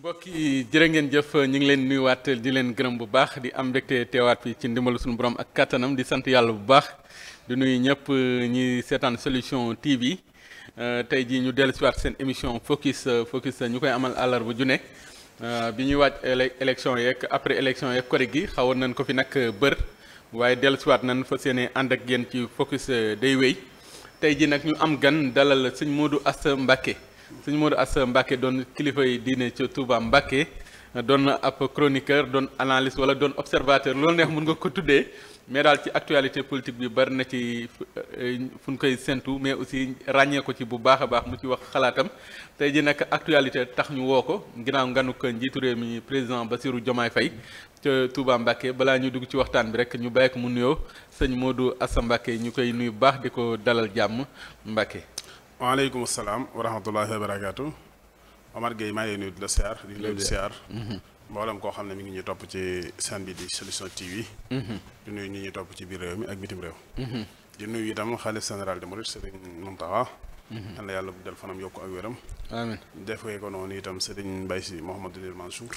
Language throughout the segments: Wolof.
mbokk yi jërë ngeen jëf ñu ngi leen nuyuwaat di leen gërëm bu baax di am mbégte teewaat bi ci ndimbalu suñu borom ak kattanam di sant yàlla bu baax di nuy ñëpp ñi seetaan solution TV euh, tey jii ñu dellu siwaat seen émission focus focus ñu koy amal àllarba ju ne euh, bi ñuy waaj élection yeeg après élection yeeg kori gi xawoon nañ ko fi nag bër waaye dellu siwaat nañ fa seen ànd ak yéen ci focus euh, day wéy tey jii nag ñu am gan dalal sëñ Modou Asta Mbacké sëñ Modou Assa Mbacke doon kilifa yi diine ca Touba Mbacke doon ab chroniqueur doon analise wala doon observateur loolu neex mun nga ko tuddee mais daal ci actualité politique bi bari na ci eh, fu ñu koy séntu mais aussi ràññee ko ci bu baax a baax mu ci wax xalaatam tey ji nag actualité tax ñu woo ko ginnaaw nganu ko njiitu réew mi président Bassirou Diomaye Faye ca Touba Mbacke balaa ñu dugg ci waxtaan bi rek ñu bàyyi ko mu nuyoo sëñ Modou Assa Mbacke ñu koy nuyu baax di ko dalal jàmm Mbacke. waaleykum salaam wa rahmatullahi wa barakaatu Omar Gueye maa ngi nuyu la siyaar li leen di siyaar koo xam ne mi ngi ñu topp ci seen bi di solution TV di nuyu ñu ñuy topp ci biir réew mi ak bitim réew di nuyu itam xalif général de Mouride Sëriñ Muntaxa an la yàlla guddal fanam yokk ak wéram amiin defee ko noonu itam sëriñ Mbaye Sy Mouhamadou Mansour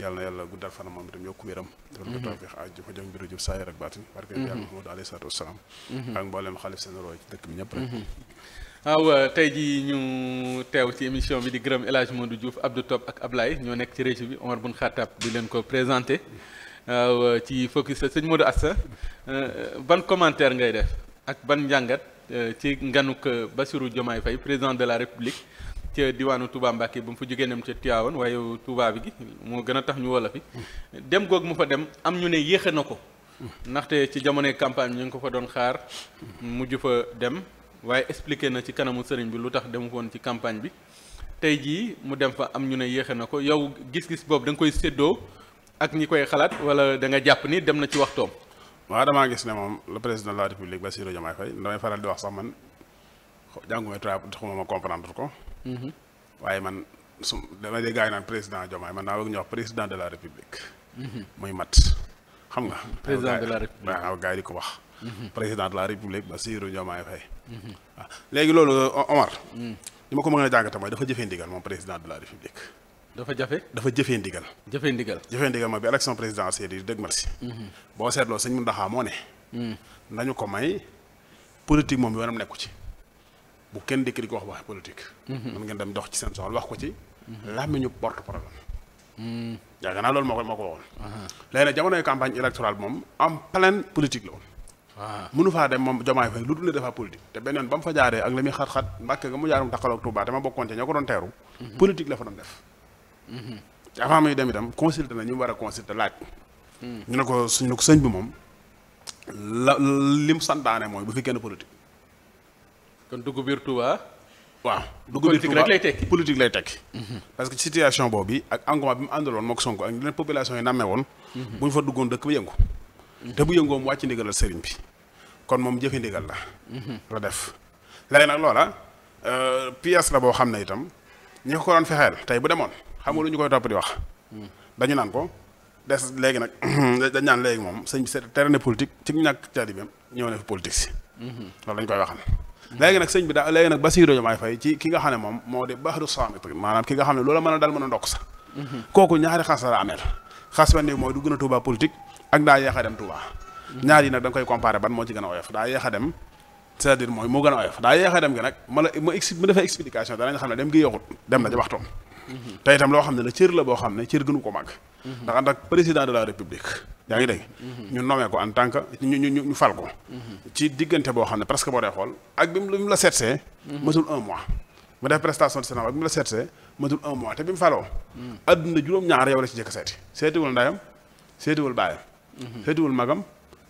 yàlla na yàlla guddal fanam moom itam yokk wéram defal ko tawfeex aaj ko jëm mbiru jub saayir ak baatin barke yàlla Muhammadu alayhi salaatu wasalaam dëkk ñëpp waaw ah tey jii ñu teew ci émission bi di gërëm El Hadj Modou Diouf Abdou Top ak Ablaye ñoo nekk ci régie bi Omar Bun Khattab di leen ko présenté waaw ah ci focus sëñ Modou Assa euh, ban commentaire ngay def ak ban njàngat euh, ci nganuk euh, Bassirou Diomaye fay président de la République ca diwaanu Touba mbaaki ba mu fa jógee nem ca Tivaouane waaye Touba bi gi moo gën a tax ñu wala fi dem goog mu fa dem am ñu ne yéexe na ko ndaxte ci jamonoy campagne ñu ngi ko fa doon xaar mujj fa dem waaye expliqué na ci kanamu sëriñ bi lu tax demu ko ci campagne bi tey jii mu dem fa am ñu ne yéexe na ko yow gis-gis boobu da nga koy séddoo ak ñi koy xalaat wala da nga jàpp ni dem na ci waxtoom. waaw damaa gis ne moom le président de la république Bassirou Diomaye Faye damay faral di wax sax man jànguma tubaab xuma ma comprendre ko. Mhm. waaye man su damay dégg gars yi naan président Diomaye man naa bëgg ñu wax président de la république. Mhm. muy mat xam nga. président la république waaw yi di ko wax. Mhm. président la république Bassirou Diomaye Faye waaw léegi loolu Omar. li hmm. ma ko mën a jàngate mooy dafa jëfee ndigal moom président de la république. dafa jafe dafa jëfee ndigal. jëfee ndigal jëfee ndigal mooy bi élection présidentielle yi dëgg merci. Hmm. boo seetloo sëñ Mountakha moo ne. Hmm. nañu ko may politique moom yoonam nekku ci bu kenn dikk di ko wax waxee politique. mën ngeen dem dox ci seen soxla wax ko ci. làmmiñu porte problème. yaakaar naa loolu moo ko moo ko waxoon. léegi nag jamonoy campagne électorale moom en pleine politique la Ah. mënu faa dem moom jomaay fay lu dul ne dafa politique te beneen ba mu fa jaaree ak la muy xat-xat mbàkke ga mu jaarum taxaloog Touba dama bokkoon ca ñoo ko doon teeru mhm. politique la fa doon def mhm. avant muy dem itam consulté na ñu war a consulté mhm. ñu ne ko suñu ne ko sëñ bi moom la lim santaane mooy bu fi kenn politique kon dugg biir Touba waaw dugg biir Touba lay tekki parce que situation boobu ak engouement bi mu àndaloon mook Sonko ak leneen population yi nammee woon bu ñu fa duggoon dëkk bi yëngu te bu yëngoom wàcc ndigalal sëriñ bi kon moom jëfe ndigal la la def léegi nag loola euh, pièce la boo xam ne itam ñi ko doon fexeel bu demoon xam nga lu ñu koy topp di wax dañu naan ko des léegi nag dañ naan léegi moom sëñ bi seet terrain politique ci ñàkk taalibeem ñëw na fi politique si loolu lañ koy waxal léegi nag sëñ bi daa léegi nag Bassirou Diomaye Faye ci ki nga xam ne moom moo di baax du saamit maanaam ki nga xam ne loola mën a daal mën a ndokk sa mhm. kooku ñaari xas la ameel xas benn bi mooy du gën politique ak daa yeex a dem Touba ñaar yi nag da koy comparé ban moo ci gën a oyof daa yeex dem cest mooy moo gën a oyof daa yeex a dem gi nag ma la ma explique ma defee xam ne la boo xam ne cër ko màgg ndax en tant que président de la république yaa ngi dégg ñu nommé ko en tant ñu ñu fal ko ci diggante boo xam ne presque boo dee xool ak bi mu la seetsee matul un mois mu def prestation de serment ak bi mu la seetsee matul un mois te bi mu faloo adduna juróom-ñaar yow la ci jëkk seeti seetiwul ndayam seetiwul seetiwul magam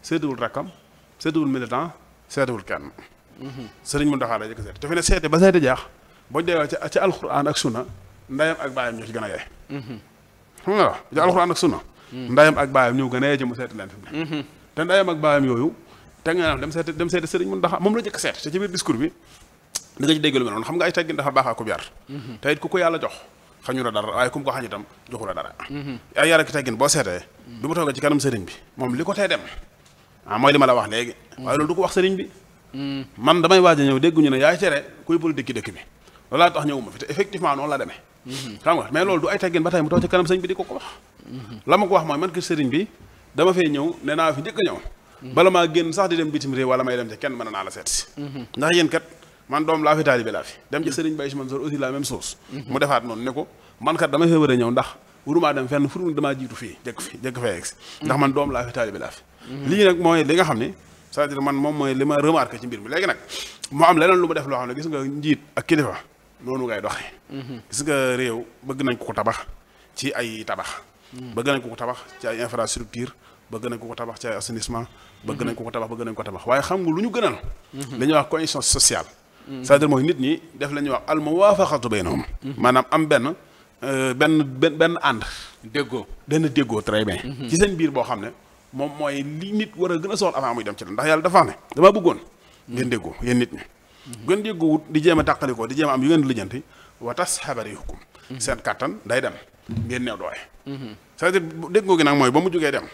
seetiwul rakkam seetiwul militant seetiwul kenn sëriñ Muntaxa la jëkk seet te fi ne seete ba seete jaax boo dee ca ca alxuraan ak sunna ndayam ci a yey xam nga ca alxuraan ak sunna ndayam ak baayam ñoo gën a yey ci mu seeti leen fi mu ne te ndayam ak baayam yooyu te nga naan dem seete dem seete sëriñ Muntaxa moom la jëkk seet te ci biir discours bi da ci dégg lu mel xam nga ay teggin dafa baax ak yar te it ku ko yàlla jox xañu la dara waaye kum ko xañ itam joxu dara mhm. ay yar ak boo seetee mhm. du mu toogee ci kanam sëriñ bi moom li ko tee dem ah mooy li ma la wax léegi mhm. waaye loolu du ko wax sëriñ bi man damay waaj a ñëw dégguñu ne yaay tere kuy politique dëkk bi loolaa tax ñëwuma fi te effectivement noonu la demee xam nga mais loolu du ay teggin ba tey mu toog ci kanam sëriñ bi di ko ko wax la ma ko wax mooy man ki sëriñ bi dama fee ñëw ne naa fi njëkk a ñëw bala maa génn sax di dem bitim réew naa la seet man doom laa fi taalibe laa fi dem ci sëriñ Baye Sy Mansour aussi la même chose mu defaat noonu ne ko man kat dama fee war a ñëw ndax wurumaa dem fenn furu damaa jiitu fii jëkk fi jëkk fee egsi ndax man doom laa fi taalibe laa fi lii nag mooy li nga xam ne c'est-à-dire man moom mooy li ma remarqué ci mbir mi léegi nag mu am leneen lu mu def loo xam ne gis nga njiit ak kilifa noonu ngay doxee mhm. gis nga réew bëgg nañ ko ko tabax ci ay tabax mhm. bëgg nañ ko ko tabax ci ay infrastructure bëgg nañ ko ko tabax ci ay assainissement bëgg nañ ko ko tabax bëgg nañ ko tabax waaye xam nga lu ñu gënal li mhm. ñuy wax cohésion sociale cest dire mooy nit ñi def la ñuy wax al muwaafaqatu baynahum mhm. maanaam am benn euh, benn benn benn ànd. déggoo benn déggoo très bien. Mhm. ci seen biir boo xam ne moom mooy li nit war a gën a soxla avant muy dem ci la ndax yàlla dafa ne damaa bëggoon. Mhm. ngeen déggoo yéen nit ñi. gën déggoo wut di jéem a tàqalikoo di jéem a am yu ngeen lijjanti wa tas xabari hukum seen kattan day dem ngeen neew doole. c'est-à-dire déggoo gi nag mooy ba mu jógee dem.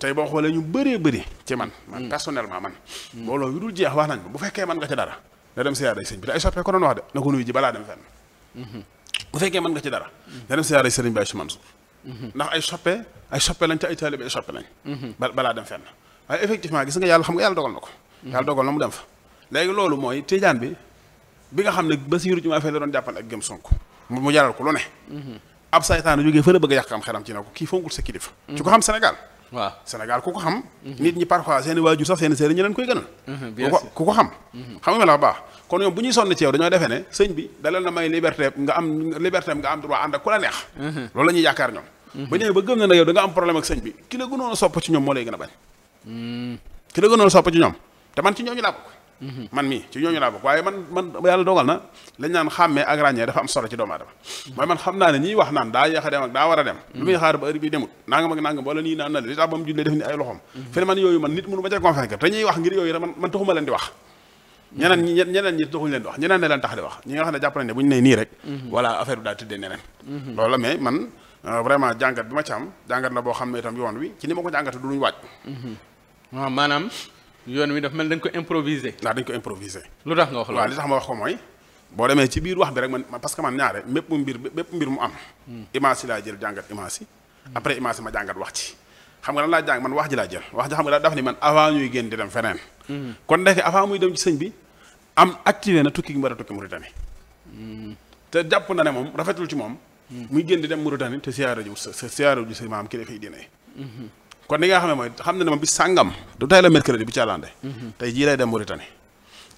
tey boo xoolee ñu bëree bëri ci man. man personnellement man. mbooloo yu dul jeex wax nañ bu fekkee man nga ci dara. na dem siyaare sëñ bi te ay soppee ko doon wax de na ko nuyu ji balaa dem fenn mhm. bu fekkee mën nga ci dara na dem siyaare sëriñ bi ay Mansour mhm. ndax ay soppe ay soppe lañ te ay taalibe ay soppe lañ mhm. balaa dem fenn waaye effectivement gis nga yàlla xam nga yàlla dogal na ko yàlla dogal na mu dem fa léegi loolu mooy tijaan bi bi nga xam ne Basiiru Jumaa Fay la doon jàppal ak gëm Sonko mu jaral ko lu ne ab saytaan jógee fële bëgg a yàq am xelam ci ne ko kii fonkul sa kilifa ci ko waaw Sénégal ku ko xam nit ñi parfois seen i waajur sax seen sëriñ ñi leen koy gënal mhm, ku ko xam xam nga la baax kon ñoom bu ñuy sonn ci yow dañoo defee ne sëñ bi dalal na may liberté nga am liberté nga am droit ànd ak ku la neex mhm. loolu la yaakaar ñoom mhm. ba ñëwee ba gëm na ne yow da nga am problème ak sëñ bi ki la gënoon sopp ci ñoom moo lay gën a bañ mm. ki gënoon sopp ci ñoom te man ci ñooñu laa bokk Mhm. man mii ci ñooñu laa bokk waaye man man yàlla dogal na lañ naan xàmmee ak ràññee dafa am solo ci doomu aadama mhm. man xam naa ne ñiy wax naan daa yeex a daa war a dem mhm. lu muy xaar ba heure bi demut nangam ak nangam wala nii naan na li tax ma ca di wax ñeneen wax ne jàpp nañ ne bu ñu nee nii rek voilà affaire bi daa tëddee neneen loolu mais man euh, vraiment jàngat bi ma ci am jàngat la boo xam ne tam yoon wi ci ni ma ko jàngate du luñu waaj yoon wi dafa mel dañ ko improviser. ndax dañ ko improviser. lu tax nga wax loolu waaw li tax ma wax ko mooy. boo demee ci biir wax bi rek man parce que man ñaare mépp mbir mépp mbir mu am. Hmm. image laa jël jàngat image yi. après image yi ma jàngat wax ci. xam nga lan laa jàng man wax ji laa jël wax ji xam nga dafa ni man avant ñuy génn di dem feneen. Hmm. kon ndeke avant muy dem ci sëñ bi am activé na tukki gi mu war a tukki hmm. te jàpp na ne moom rafetul ci moom. muy génn di dem Mauritanie te siyaara ji sa siyaara ji sa maam kilifa yi diine kon li nga xam ne mooy xam ne ne moom bi sàngam du tey la mercredi bi caalande mhm. tey jii lay dem Mauritanie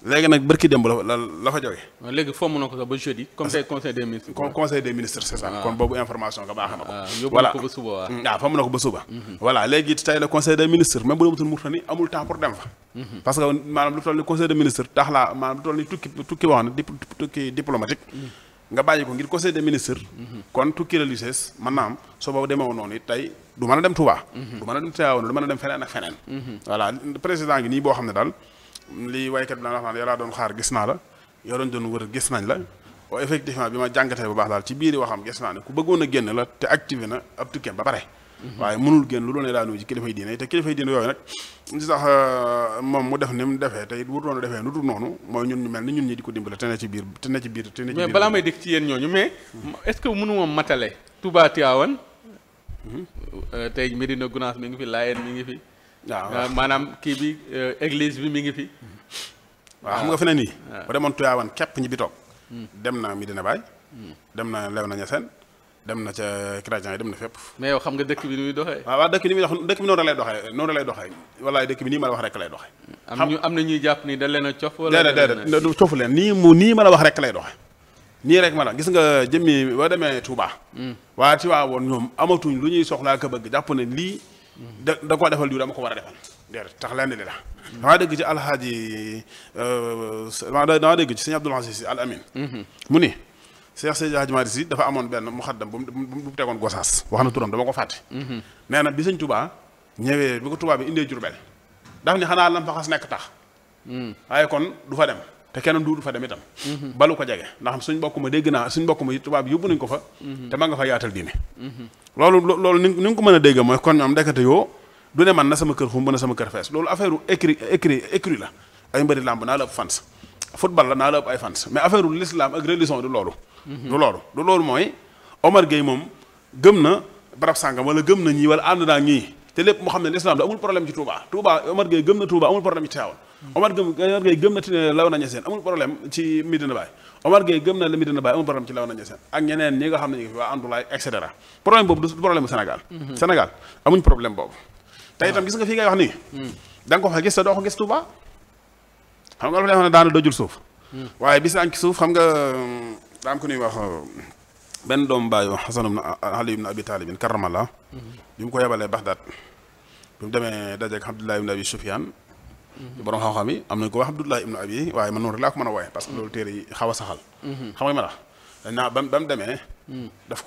léegi nag bërki démb la la fa jóge léegi fomm na ko sax ba jeudi conseil des ministres conseil des ah. kon boobu information ah, ko ba suba waaw mm, ah, fomm na mhm. la conseil des ministres même bu dematul Mauritanie amul temps pour fa mhm. parce que maanaam lu toll ni conseil des ministres tax laa maanaam lu toll ni tukki tukki wax na diplomatique mm. nga bàyyi ko ngir conseil de ministres. kon tukki la lycées mën naa am soo boobu demeewul noonu it tey du mën a dem Touba. du mën a dem Tivaouane du man a dem feneen ak feneen. voilà président gi nii boo xam ne daal lii waykat bi daan wax naan doon xaar gis naa la yow doon doon wër gis nañ la. effectivement bi ma jàngatee bu baax daal ci biir waxam gis naa ne ku bëggoon a génn la te activé na ab tukkeem ba pare. Mm-hmm. waaye mënul génn lu doon ne daa ñëw ci kilifay diine te kilifay diine yooyu nag li sax euh, moom mu def ni mu defee te it wutoon a defee nu dul noonu mooy ñun ñu mel ni ñun ñi di ko dimbale te ne ci biir te ne ci biir te ne ci biir mais balaa may dégg ci yéen ñooñu mais est-ce que mënu moom matale Touba Tiawan mm-hmm. euh, tey Medina Gounass mi ngi fi Laayeen mi ngi fi waaw euh, maanaam kii bi église bi mi ngi fi mm-hmm. waa xam nga fi ne nii ah. bu demoon Tiawan képp ñi bi toog mm. dem na Medina Baye mm. dem na Léona Niassène dem na ca chrétien yi dem na fépp. mais yow xam nga dëkk bi ni muy doxee. waaw dëkk bi ni muy dox dëkk bi noonu lay doxee noonu lay doxee walaay dëkk bi nii ma la wax rek lay doxee. am ñu am jàpp ni da leen a cof. wala leen nii mu nii ma la wax rek nii rek ma la gis nga jëmmi boo demee Touba. Mm. waa ci waa woon ñoom amatuñ lu ñuy soxlaa ko bëgg jàpp ne lii. da da koo defal diw dama ko war a defal. déedéet tax lenn li la. Mm-hmm. damaa dégg ci alxaaji euh, damaa dégg ci sëñ Abdoul si Al Amin mm-hmm. mu ni Cheikh Seydi Hadji Malick Sy dafa amoon benn mu xaddam bu mu bu mu tegoon Gosaas wax na turam dama ko fàtte. Mhm. nee na bi sëñ Touba ñëwee bi ko Touba bi indee Jurbel daf ni xanaa lam fa xas nekk tax. Mhm. waaye kon du fa dem te kenn du fa dem itam. Mhm. balu ko jege ndax suñ bokk ma dégg naa suñ bokk ma tubaab yóbbu nañ ko fa. te ma nga fa yaatal diine. loolu loolu ni ni ko mën a dégg mooy kon ñoom ndekete yoo du ne man na sama kër xum ba na sama kër fees loolu affaire écrit écrit écrit la la naa la ëpp ay fans mais affaire loolu du loolu du loolu mooy Omar Gueye moom gëm na barab sàngam wala gëm na ñii wala ànd naa ñii te lépp mu xam ne l'islam da amul problème ci Touba Touba Omar Gueye gëm na Touba amul problème ci Tivaouane Omar gëm na ti law na ñeseen amul problème ci Medina Baye Omar Gueye gëm na la ak ñeneen ñi nga xam ne ñu ngi fi waa Andoulaye et cetera problème boobu du problème bu Sénégal mhm. Sénégal amuñ problème boobu te ah. itam gis nga fii ngay wax nii hmm. da nga ko fa gis te doo ko gis Touba xam nga dafa ne daana dojul suuf hmm. waaye bis daa am ku ñuy wax euh, benn doomu baayu Xasan ibn Ali ibn Abi Taalib karamala mhm. bi mu ko yebalee Baxdaad bi mu demee dajeek Abdullah ibn Abi Sufyaan mhm. borom xam-xam yi am nañ ko wax Abdullah ibn Abi laa ko mën a wooye parce que loolu téere yi xaw a saxal mhm. xam nga ma tax dañ naa ko daf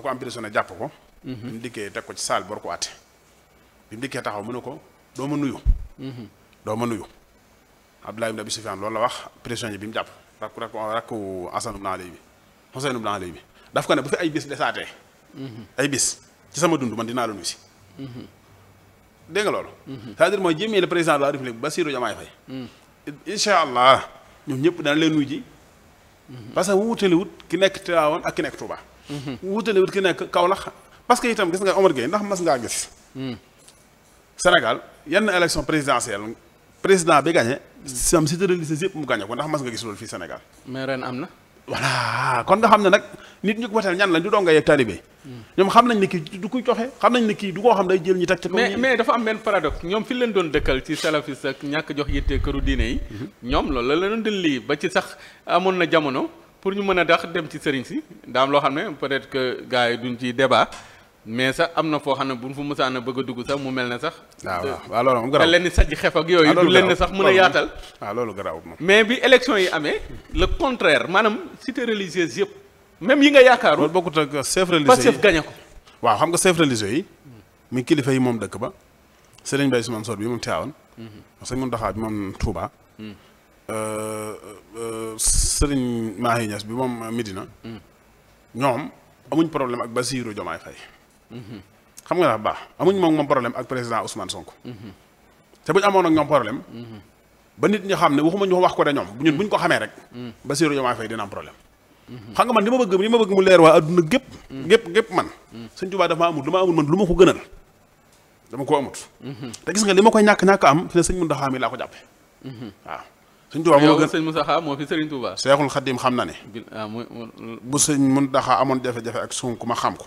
ko emprisonné jàpp ko bi mu dikkee teg ko ko àtte bi ko doo ma nuyu doo ma nuyu Abdullah ibn Abi Sufyaan loolu la wax prisonnier bi mu jàpp rakku rakku rakku Asan ibn Ali bi Xuseyn ibn Ali bi daf ko ne bu fi ay bis desaatee. Mhm. ay bis ci sama dund man dinaa la nuyu si. Mhm. dégg nga loolu. Mhm. c'est-à-dire mooy jëmee le président de la République Bassirou Diomaye Faye. incha allah ñoom ñëpp dana leen nuyu ji. parce que wuutale wut ki nekk Tivaouane ak ki nekk Touba. wuutale wut ki nekk Kaolack parce que itam gis nga Omar ndax mas ngaa gis. Sénégal yenn élection présidentielle président bi gagné. sam cité de liste yëpp mu gagné ko ndax mas nga gis loolu fii Sénégal. mais ren am na. voilà kon nga xam ne nag nit ñu ko wateel ñan lañ du donga yeeg talibé. ñoom xam nañ ne kii du koy xam nañ ne kii du koo xam day jël ñu teg dafa am benn paradoxe ñoom fi leen doon dëkkal ci salafis ak ñàkk jox yitte këru diine yi. ñoom loolu leen doon lii ba ci sax amoon na jamono pour ñu mën a dax dem ci sëriñ si daam loo xam ne peut-être que gars yi duñ ci débat mais sax am na foo xam ne bu ñu fa mësaan a bëgg a dugg sax mu mel ne sax. Ah, waaw waaw ah, loolu moom garaaw te lenn sajj ak yooyu. Ah, du lenn sax mën a yaatal. waaw loolu garaaw moom. mais bi élection yi amee. le contraire maanaam cité religieuse yëpp. même yi nga yaakaaru. loolu bokkut ak euh, chef religieux yi ko. waaw xam nga chef yi. muy kilifa yi moom dëkk ba. Serigne Baye Ousmane Sow bi moom Tivaouane. Mhm. Serigne Mountakha bi moom Touba. Mhm. Euh, euh, Serigne Mahi Niass bi moom Medina. Mhm. ñoom amuñ problème ak Bassirou Diomaye Faye xam nga dafa baax amuñ moom moom problème ak président Ousmane Sonko. te buñ amoon ak ñoom problème. ba nit ñi xam ne waxuma ñoo wax ko de ñoom bu buñ ko xamee rek. Bassirou Diomaye Faye dina am problème. xam nga man ma bëgg li mu leer waa adduna gépp gépp gépp man. Sëñ Tuubaa dafa ma lu ma amul man lu ma ko gënal. dama ko amut. te gis nga li ma koy ñàkk ñàkk am fi ne sëñ Mountakha mi laa ko jàppe waaw sëñ Touba moo gën sëñ Mountakha moo fi Serigne Touba. Seexul Xadim xam na ne. Ah, bu sëñ Mountakha amoon jafe-jafe ak Sonko ma xam ko.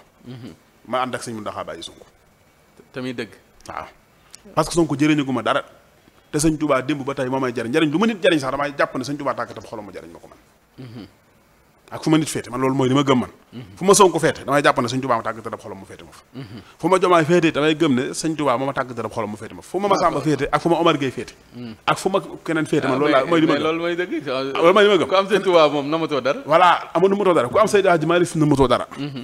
ma ànd ak sëñ Muntaxa bàyyi Sonko tamit dëgg waaw parce que Sonko jëriñu gu ma dara te sëñ Tuubaa démb ba tey moo may jariñ jariñ lu ma nit jariñ sax damay jàpp ne sëñ Tuubaa tàggatam xolam ma jariñ ma ko man mhm. ak fu am sëñ Tuubaa dara ku am Seydi Hadji Malick namatoo dara mhm.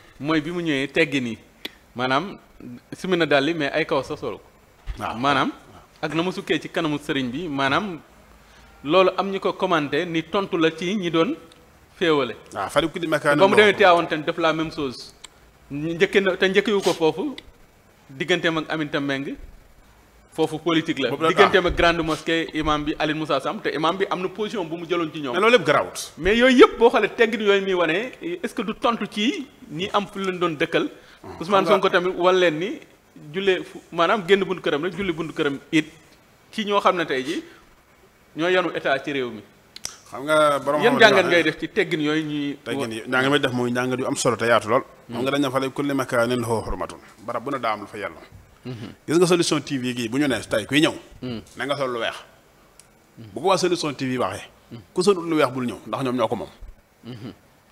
mooy bi mu ñëwee teggi nii maanaam simi na dàlli mais ay kaw sa solo waaw ah. maanaam ak na mu sukkee ci kanamu sëriñ bi maanaam loolu am ñu ko commenté ni tontu la ci ñi doon féewale waaw ah, fari ku di makaan ba mu demee Tiwaawan tamit def la même chose njëkke na te njëkkewu ko foofu digganteem ak Aminata meng foofu politique la digganteem ak grande mosquée imam bi Aline Moussa Sam te imam bi am na position bu mu jëloon ci ñoom. mais loolu yëpp garaawut. mais yooyu yëpp boo xoolee teggin yooyu muy wane est-ce que du tontu ci ñi am fu leen doon dëkkal. Ah, Ousmane Sonko tamit wan leen ni jullee fu maanaam génn buntu këram rek julli buntu këram it ci ñoo xam ne tey ji ñoo yanu état ci réew mi. xam nga borom yan jàngat ngay def ci teggin yooyu ñuy. teggin yi njàngat may def mooy njàngat yu am solo te lool. Hmm. xam nga dañ ne fa lay am lu yàlla gis nga solution TV gii bu ñu nee tey kuy ñëw. na nga sol lu weex. bu ko waa solution TV waxee. ku solul lu weex bul ñëw ndax ñoom ñoo ko moom.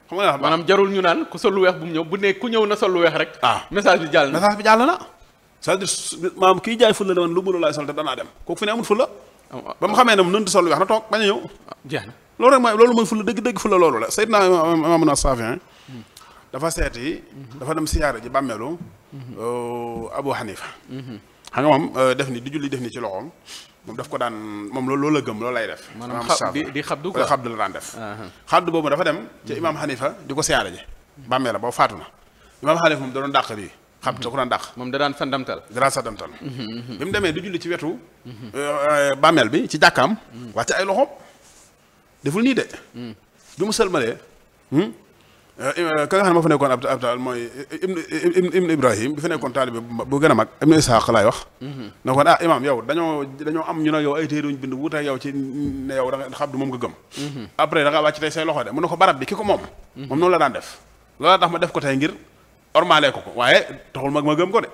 xam nga maanaam jarul ñu naan ku sol lu weex bu mu ñëw bu ne ku ñëw na sol lu weex rek. ah message bi jàll na message bi jàll na. c'est-à-dire maam kiy jaay fulla la woon lu mu laay sol te danaa dem kooku fi ne amul fulla ah, ah. ba mu xamee ne mu nëntu sol lu weex na toog bañ a ñëw. Ah, loolu rek mooy loolu mooy fulla dëgg dëgg fulla loolu la Seydina Mamadou Safin dafa seeti. dafa dem siyaare ji bàmmeelu Euh, Abu Hanifa. Mhm. xam nga moom euh, def ni di julli def ni ci loxoom moom daf ko daan moom loolu la gëm loolu lay def. maanaam di di xabdu quoi xabdu la daan def. Ah, ah. xabdu boobu dafa dem ca mhm. imaam Hanifa di ko siyaare ji. bàmmee la boobu faatu na imaam Hanifa moom da doon dàq lii. xabdu da daan dàq. moom da daan sandamtal. da daan sandamtal. Mhm, bi mu demee di julli ci wetu. Euh, bàmmeel bi ci jàkkaam. wàcc ay loxoom deful nii de. du mu sëlmalee. Hmm? Eh, eh, ka nga xam ne moo fa nekkoon ab ab taal mooy ibnu eh, ibnu ibrahim bi fa nekkoon taalibe bu gën a mag ibnu ishaq laay wax mhm. na kon ah imaam yow dañoo am ñu ne yow ay téere yuñ bind wuute yow ci ne yow da nga xam du moom nga gëm mhm. après da nga wàcc tey say loxo de mun na ko barab bi ki ko moom mhm. moom noonu la daan def loola tax ma def ko tey ngir ormaale ko ko waaye taxul mag ma gëm ko de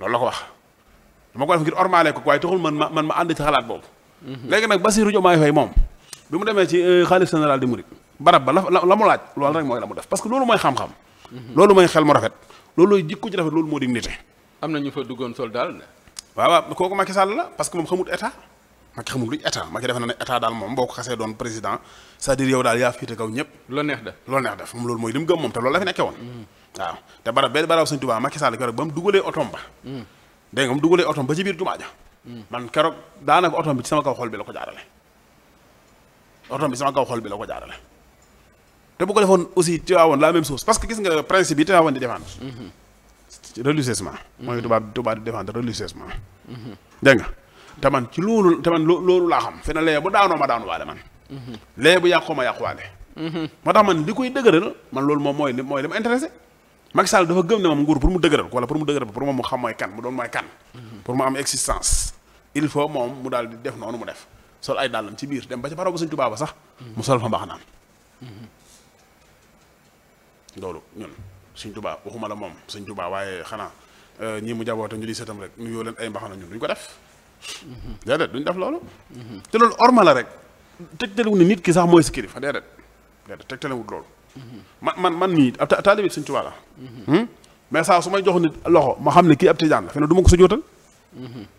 loolu la ko wax dama ko def ngir ormaale ko ko waaye taxul man ma man ma ànd ci xalaat boobu léegi nag Bassirou Diomaye Faye moom bi mu demee ci xalif général di barab ba la la mu laaj loolu rek mooy la mu def parce que loolu mooy xam-xam. loolu mooy xel mu rafet loolu jikko ci rafet loolu moo di nite. am na ñu fa duggoon sol daal. waaw waaw kooku Macky Sall la parce que moom xamut état Macky xamut luñ état Macky defe na ne état daal moom boo doon président c'est-à-dire yow daal yaa fiite kaw ñëpp. loo moom loolu mooy li mu gëm moom te loolu la fi nekkee woon. waaw te barab benn barabu Sëñ Tuubaa Macky Sall keroog ba mu dugalee otoom ba. dégg nga mu dugalee otoom ba ci biir jumaa ja man keroog daanaka otoom bi ci sama kaw xol bi la ko jaarale. otoom bi sama kaw xol bi la ko jaarale te bu ko defoon aussi Tivaouane la même chose parce que gis nga principe yi Tivaouane di défendre. Mhm. religieusement. mooy mhm. tubaab tubaab di défendre mhm. man ci loolu te man loolu laa xam fi na lee daanoo ma daanu waale man. lee bu yàqoo ma yàquwaale. moo tax man li koy dëgëral man loolu moom mooy li mooy li ma intéressé. Macky dafa gëm ne moom nguur pour mu dëgëral ko wala pour mu dëgëral pour moom mu xam mooy kan mu doon mooy kan. pour mu am existence. il faut moom mu daal di def noonu mu def sol ay dàllam ci biir dem ba ci barabu Sëñ Tuubaa ba sax. mu sol fa mbaax naan. loolu ñun suñ tubaa waxuma la moom suñ tubaa waaye xanaa euh, ñi mu jaboote ñu di seetam rek ñu yoo leen ay mbaxana ñun duñ ko def déedéet duñ def loolu te loolu orma la rek tegtalewu ne nit ki sax mooy si kilifa déedéet déedéet tegtalewut loolu man man man mii ab taalibi suñ tubaa la mais saa su may jox nit loxo ma xam ne kii ab tijaan la fe ne du ma ko sa jóotal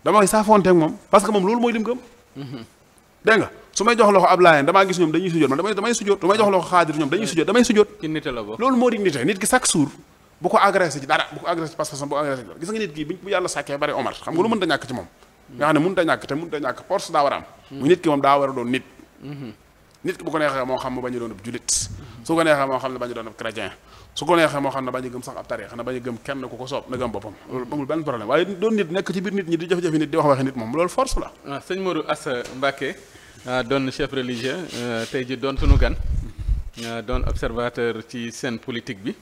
dama koy saafoonteeg moom parce que moom loolu mooy lim gëm dégg nga su may jox loxo ab laayeen damaa gis ñoom dañuy sujjóot man damay sujjóot su may jox xaadir ñoom dañuy sujjóot damay sujjóot loolu moo di nite nit ki chaque jour bu ko agressé ci dara bu ko agressé parce bu ko agressé gis nga nit ki bu yàlla sàkkee bari Omar xam nga lu mën ta ñàkk ci moom nga xam ne mën ta ñàkk force daa war am mu nit ki moom daa war a doon nit mhm. nit bu ko neexee moo xam mu bañ a doon ab su ko neexee moo xam ne bañ doon ab chrétien su ko neexee moo xam ne bañ gëm sax ab tariix na bañ gëm kenn ku ko soob na gëm boppam loolu amul benn problème waaye doon nit nekk ci biir nit ñi di jafe-jafe nit di wax waxe nit moom loolu force la waaw ah, sëñ Modou Asta Mbacké ah, doon ah, tey ji doon sunu gan doon observateur ci seen politique bi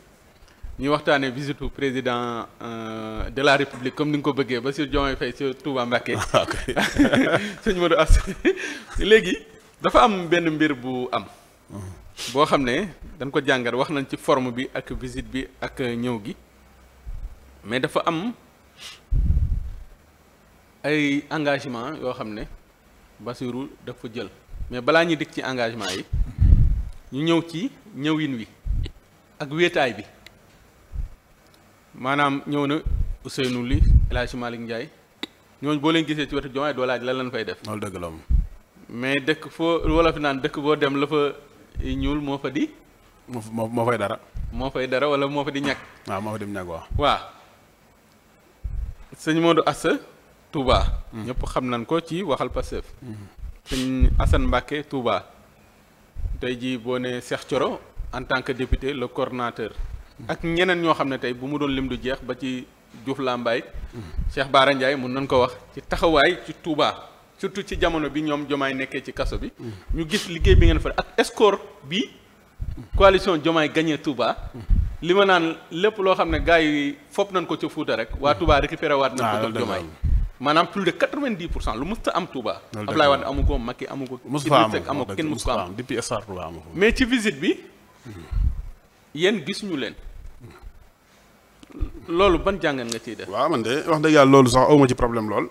ñuy waxtaanee visite président de la république comme ni nga ko bëggee ba Bassirou Diomaye Faye ci Touba Mbacké sëñ Modou Asta léegi dafa am benn mbir bu am boo xam ne dañ ko jàngat wax nañ ci forme bi ak visite bi ak ñëw gi mais dafa am ay engagement yoo xam ne daf dafa jël mais balaa ñuy dikk ci engagement yi ñu ñëw ci ñëwin wi ak wéetaay bi maanaam ñëw na Ousseynou Ly El Hadj Malick Ndiaye ñooñu boo leen gisee ci wetu Diomaye doo laaj lan lañ fay def. loolu dëgg mais dëkk foo wala naan dëkk boo dem la fa. ñuul moo fa di. moo moo fay dara. moo fay dara wala moo fa di ñàkk. waaw moo fa di ñàkk waa waaw sëñ Modou Assa Touba. Mm-hmm. ñépp xam nañ ko ci waxal Pastef. Mm-hmm. sëñ Assane Mbacké Touba. tey jii boo nee Cheikh Thioro en tant que député la coordonnateur. Mm-hmm. ak ñeneen ñoo xam ne tey bu mu doon lim du jeex ba ci Diouf Lambaye. Cheikh Baara Ndiaye mun nañ ko wax ci taxawaay ci Touba. surtout ci jamono bi ñoom jomaay nekkee ci kaso bi ñu gis liggéey bi ngeen fa ak escore bi coalition jomaay gagné tubaa li ma naan lépp loo xam ne gars yi fopp nañ ko ca Fuuta rek waa Touba récupéré waat nañ ko ca ah, jomaay maanaam plus de 90 pour cent lu musta am Touba Ablaye Wade amu ko Macky amu ko Idrissa Seck amu ko kenn musta am depuis Estar Touba amu ko mais ci visite bi yéen gis ñu leen loolu ban jàngan nga ciy de waaw man de wax dëgg yàlla loolu sax awma ci problème lool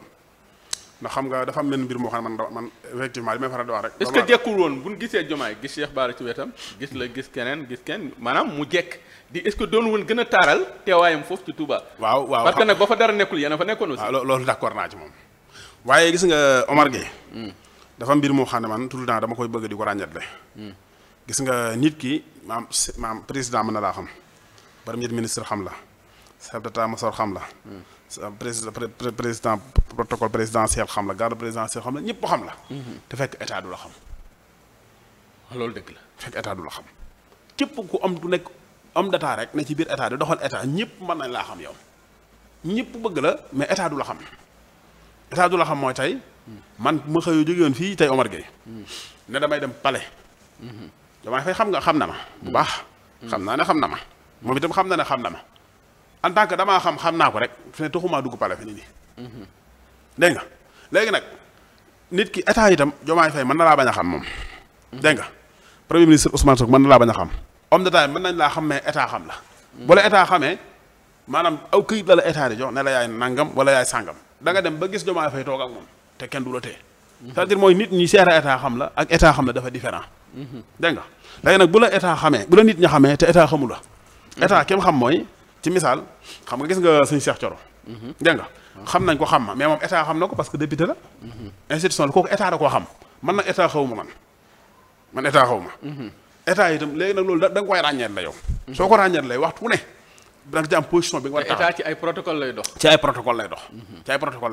ndax xam nga dafa am benn mbir moo xam ne man man effectivement li may faral di wax rek. est jekkul woon bu ñu gisee Jomaay gis Cheikh Bara ci wetam gis la gis keneen gis kenn maanaam mu jekk di est que doon woon gën a taaral teewaayam foofu ci Touba. waaw waaw parce que nag ba fa dara nekkul yéen fa nekkoon aussi. Ah, loolu d'accord naa ci moom. waaye gis nga Omar Gueye. Hmm. dafa mbir moo xam ne man tout le temps dama koy bëgg di ko ràññatle. Hmm. gis nga nit ki maam président mën na laa xam. premier ministre xam la chef d'état-major xam la. Hmm. Euh, président protocole présidentiel xam la garde présidentiel xam la ñëpp xam la. Mhm. te fekk état du la xam. Ah, loolu dëgg la fekk état du la xam. képp ku am du nekk am d'état rek ne ci biir état di doxal état ñëpp mën nañ laa xam yow ñëpp bëgg la mais état du xam état du xam mooy tey mhm. man ma xëyoo jóge fii tey Omar Gueye mhm. ne damay dem pale damay fay xam nga xam na ma bu baax. xam naa ne xam na ma moom itam xam na ne xam na ma. en tant que damaa xam xam naa ko rek fi ne taxumaa dugg pale fi ne nii. Mhm. dégg nga léegi nag nit ki état itam Diomaye Faye mën na laa bañ a xam moom. Mhm. dégg nga premier ministre Ousmane Sonko mën na laa bañ a xam. homme d'État mën nañ laa xam mais état xam la. Mhm. bu la état xamee maanaam aw këyit la la état di jox la yaay nangam wala yaay sàngam da nga dem ba gis Diomaye Faye toog ak te kenn du mooy nit ñi seera a xam la ak état xam la dafa différent dégg nga léegi nag bu la état xamee bu la nit ña xamee te état xamul la état kem xam mooy ci misaal xam nga gis nga sëñ Cheikh Thioro dégg xam nañ ko xam ma mais moom état xam na ko parce que député la institution la kooku état da koo xam man nag état xaw ma man man état xaw nag loolu da nga koy ràññeet la yow soo ko ràññeet lay waxtu ne da nga ci am bi nga war a taxaw ci ay protocole lay dox ci ay protocole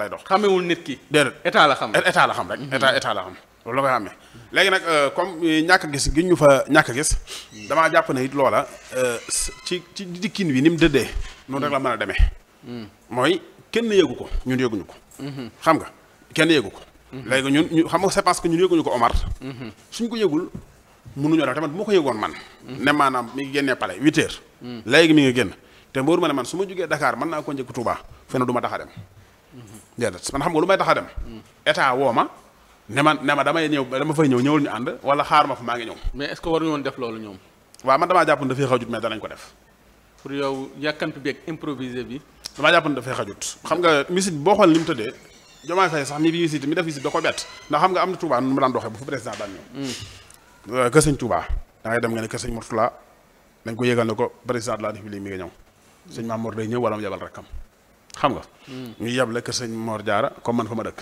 lay dox ci nit ki déedéet état la xam xam rek mhm. état état la xam loolu la koy amee léegi nag euh, comme euh, ñàkk gis gi ñu fa ñàkk gis hmm. damaa jàpp ne it loola euh, ci ci dikkin bi ni mu dëddee noonu rek la hmm. mën a demee hmm. mooy kenn yëgu ko ñun yëguñu ko xam nga kenn yëgu ko léegi ñun ñu xam nga c'est parce que ñun yëguñu ko Omar suñ ko yëgul mënuñoo def tamit bu ko yëgoon man ne maanaam mi génnee pale huit léegi mi génn te mbóoru ma ne man su ma jógee dakaar mën naa ko njëkk Touba fenn du ma tax a dem déedéet man xam nga lu may tax a dem état woo ma ne ma ne ma damay ñëw dama fay ñëw ñëwul ñu ànd wala xaar ma fa maa ngi ñëw. mais est-ce que waruñu woon def loolu ñoom. waaw man damaa jàpp ne dafay xajut ko def. pour yow yàkkamti bi ak bi. damaa jàpp dafay xajut xam nga musique boo xool ni mu tëddee Diomaye Faye sax mi bi musique mi def musique da ko bett ndax xam nga am na Touba nu mu daan hmm. euh, da ngay dem nga ko yëgal ne ko de la République mi ngi ñëw sëñ Mamour day ñëw wala mu yabal xam nga. Hmm. ñu yable Kër Sëñ Mor Diarra comme man fa ma dëkk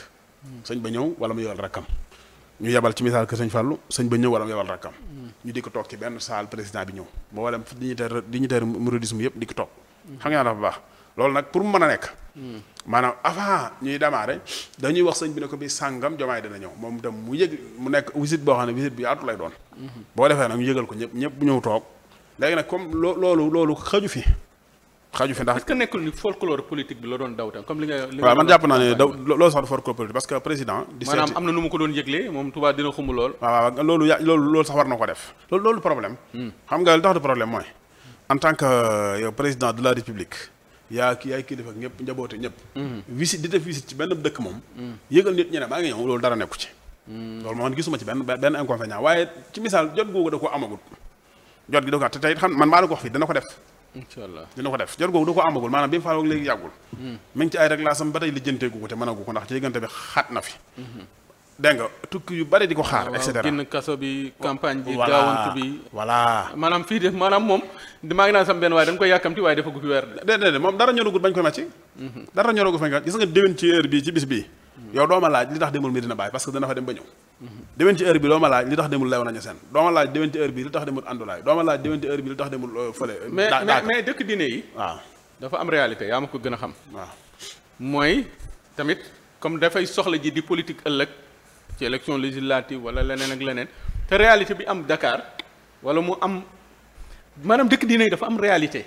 sëñ ba ñëw wala mu yebal rakkam ñu yebal ci misaal que sëñ Fallou sëñ ba ñëw wala mu yebal rakkam ñu di ko toog ci benn saal président bi ñëw mboolem dignitaire dignitaire mouridisme yëpp di ko toog xam nga dafa baax loolu nag pour mu mën a nekk maanaam avant ñuy démarrer dañuy wax sëñ bi ne ko bi sàngam jomaay dina ñëw moom itam mu yëg mu nekk visite boo xam ne visite bi yaatu lay doon mhm. boo defee nag ñu yëgal ko ñëpp ñëpp bu ñëw toog léegi nag comme loolu loolu xaju fi xaju fi ndax est-ce que nekkul ni folklore politique bi la doon daw tam comme li nga. waaw man jàpp naa ne daw loolu sax du folklore politique parce que ya loolu loolu sax war na ko def. loolu problème. Hmm. xam nga li tax du problème mooy. en tant que euh, président de la république. yaa ki yaay kilifa ñëpp njaboote ñëpp. Hmm. visite di def ci benn dëkk moom. Hmm. yëgal nit ñi ne maa ngi ñëw loolu dara nekku ci. loolu man gisuma ci benn benn inconvénient waaye ci misaal jot googu da koo amagut. jot gi da ko te tey xam man maa la ko wax fii dana ko def incha allah dina ko def jot googu da ko amagul maanaam bi mu faaloog léegi yàggul hmm. mi ngi ci ay rek laa sam ba tey lijjanteegu ko te gu ko ndax ci diggante bi xat na fi hmm. dégg nga tukki yu bari di ko xaar et cetera génn kaso bi campagne bi gaawantu bi voilà maanaam fii def maanaam moom maa ngi naan sam benn waaye dañ koy yàkkamti waaye dafa gu fi weer de déedéet moom dara ñoragul bañ koy màcc hmm. dara ñoragul bañ koy gis nga déwén ci heure bii ci bis bii yow doo ma laaj li tax demul Medina Baye parce que dana fa dem ba ñëw déwén ci heure bi doo ma laaj li tax demul Léona Niassène doo ma laaj déwén ci heure bi li tax demul Andoulaye doo laaj déwén ci heure bi li tax demul euh, fële euh, mais mais dëkk diine yi waaw dafa am réalité yaa ma ko gën a xam waaw mooy tamit comme dafay soxla ji di politique ëllëg ci élection législative wala leneen ak leneen te réalité bi am dakaar wala mu am maanaam dëkk diine yi dafa am réalité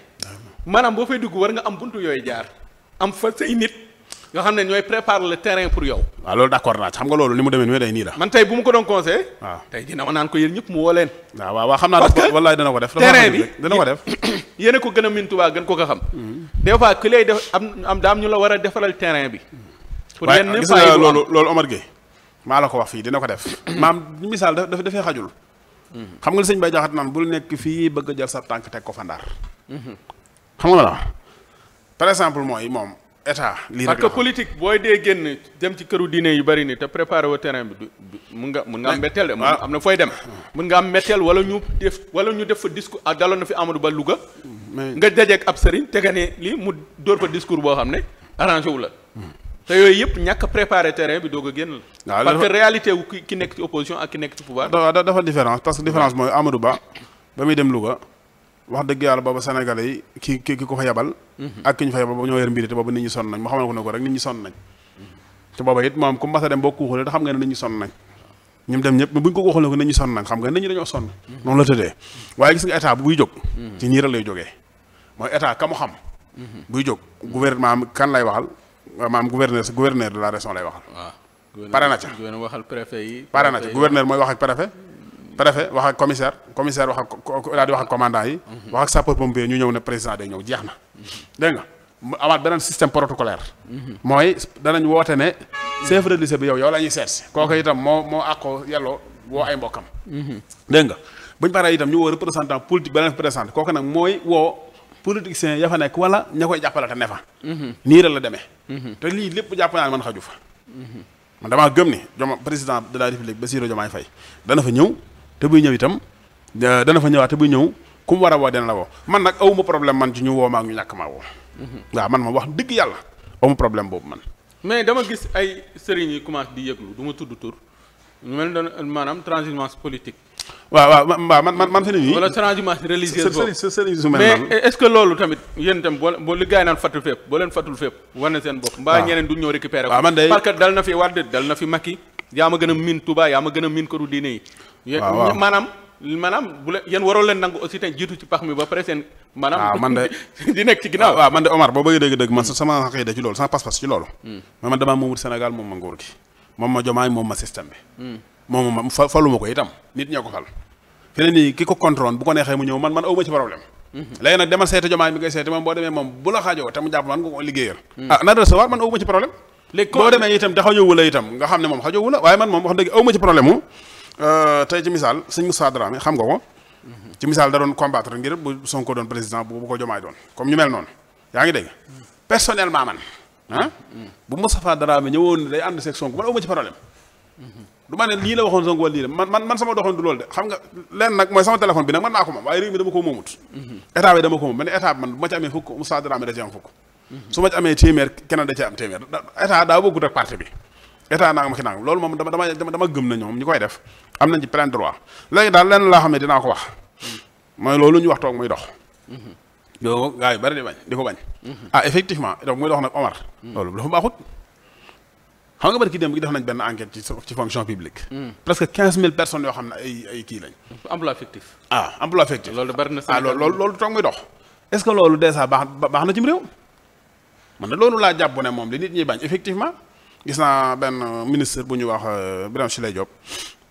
maanaam boo fay dugg war nga am buntu yooyu jaar am fa say nga xam ne ñooy préparer le terrain pour yow. waaw loolu d' accord naa xam nga loolu ni mu demee nii day nii la. man tey bu mu ko doon conseillé. waaw tey dina ma naan ko yéen ñëpp mu woo leen. waaw waaw xam naa dafa ko def. terrain bi ko def. yéen a ko gën a min Touba ko ko xam. Mm-hmm. des fois ku lay def am am daam la war a defaral terrain bi. Mm-hmm. pour yenn faay gis nga loolu loolu Omar Gueye maa la ko wax fii dina ko def. maam misaal daf dafay xajul. Mm-hmm. xam nga li sëñ Baye Jaxate naan bul nekk fii bëgg jël sa tànk teg ko fa ndaar. xam nga la par exemple mooy moom état. lii rek parce que politique booy dee génn dem ci këru diine yu bari ni te préparer wu terrain bi du mun nga mun nga am mbetteel de. na fooy dem. mun nga am mbetteel wala ñu def wala ñu def fa discours ah daloon na fi Amadou Ba Louga. nga dajeek ab sëriñ te ne lii mu dóor fa discours boo xam ne arrangé wu la. te yooyu yëpp ñàkk préparer terrain bi doog a génn la. parce que réalité wu ki ki nekk ci opposition ak ki nekk ci pouvoir. dafa dafa différence parce que différence mooy Amadou Ba ba muy dem Louga. wax dëgg yàlla booba sénégalais yi ki ki ko fa yabal mhm. ak ki ñu fa yabal ba ñoo yor mbiri te booba nit ñi sonn nañ ma xamal ko ne rek nit ñi sonn nañ mhm. te booba it moom ku mas a dem boo kuuxule te xam nga ne nit ñi sonn nañ ñoom dem ñëpp buñ ko waxul ne ko nit ñi sonn nañ xam nga nit ñi dañoo sonn mhm. noonu la tëddee waaye gis nga état bu buy jóg ci ñiiral lay jógee mooy état ka xam buy jóg gouvernement kan lay waxal maam gouverneur gouverneur de la région lay waxal pare na ca waxal préfet yi na ca mooy wax ak préfet préfet wax ak commissaire commissaire wax ak daal di wax ak commandant yi. Mhm. wax ak sapeur pompier ñu ñëw ne président day ñëw jeex na. Mhm. dégg nga mu amaat beneen système protocolaire. Mhm. mooy danañ woote ne. chef de lycée bi yow yow la ñuy seet si. kooku itam moo moo àqoo yàlloo woo ay mbokkam. dégg nga buñ paree itam ñu woo représentant politique beneen représentant kooku nag mooy woo. politicien ya fa nekk wala ña koy jàppale te ne fa. nii la la demee. te lii lépp jàpp naa ne man xaju fa. man damaa gëm ni joma président de la république Bassirou Diomaye Faye dana fa ñëw. te buy ñëw itam euh, dana fa ñëwaat te buy ñëw ku mu war a woo dana la woo man nag awuma problème man ci ñu woo maa ak ñu ñàkk maa woo mhm. waaw man moom wax dëgg yàlla awuma problème boobu man mais dama gis ay sëriñ yi commencé di yëglu du ma tudd tur ñu mel ne maanaam transhumance politique waaw waaw waaw man man man sëriñ yi wala transhumance religieuse boobu sëriñ su mel mais est-ce que loolu tamit yéen itam boo li gars yi naan fattul fépp boo leen fattul fépp war na seen bopp mbaa ñeneen du ñëw récupérer ko parce que dal na fi Wade dal na fi Macky yaa ma gën a miin Touba yaa ma gën a miin këru diine yi. waaw maanaam. maanaam bu leen waroo leen nangu aussi tey jiitu ci pax mi ba pare seen. maanaam waaw ah, man de di nekk ci ah, ah, Omar boo dëgg-dëgg man hmm. sama xëy da ci loolu sama pas-pas ci loolu. Hmm. man man damaa moomut Sénégal moom ma nguur gi moom ma jomaay moom ma système bi. Hmm. moom ma faluma ko itam nit ñoo ko fal. feneen nii ki ko contrôle bu ko neexee mu ñëw man man awuma ci problème. léegi nag demal man nga ko léegi boo demee itam te xajowu la itam nga xam ne moom xajowu la waaye man moom wax dëgg aw ma ci euh, xam nga ko mhm. misaal da doon combattre ngir bu Sonko doon président bu bu ko jomaay doon comme ñu mel noonu yaa ngi dégg mhm. personnellement man ah mhm. bu Moustapha Dramé ñëwoon day ànd seeg Sonko man aw ma ci problème du ma ne lii la waxoon Sonko wala lii la man man ko moom waaye réew mi dama ko moomut état dama ko moom man état man bu ma ci amee fukk Moussa Dramé da fukk su ma ci amee téeméer keneen da cee am téeméer état daa bëggut ak parti bi état naanga ma ki naanga loolu moom dama dama dama gëm na ñoom ñi koy def am nañ ci plein droit léegi daal lenn laa xam ne dinaa ko wax mooy loolu ñu wax toog muy dox yow gars yi bari di bañ di ko bañ ah loolu toog muy dox est-ce que loolu dèjà baax baax na ci réew man na loolu laa jàpp ne moom li nit ñi bañ effectivement gis naa benn ministre bu ñu wax euh, Birame Souleye Diop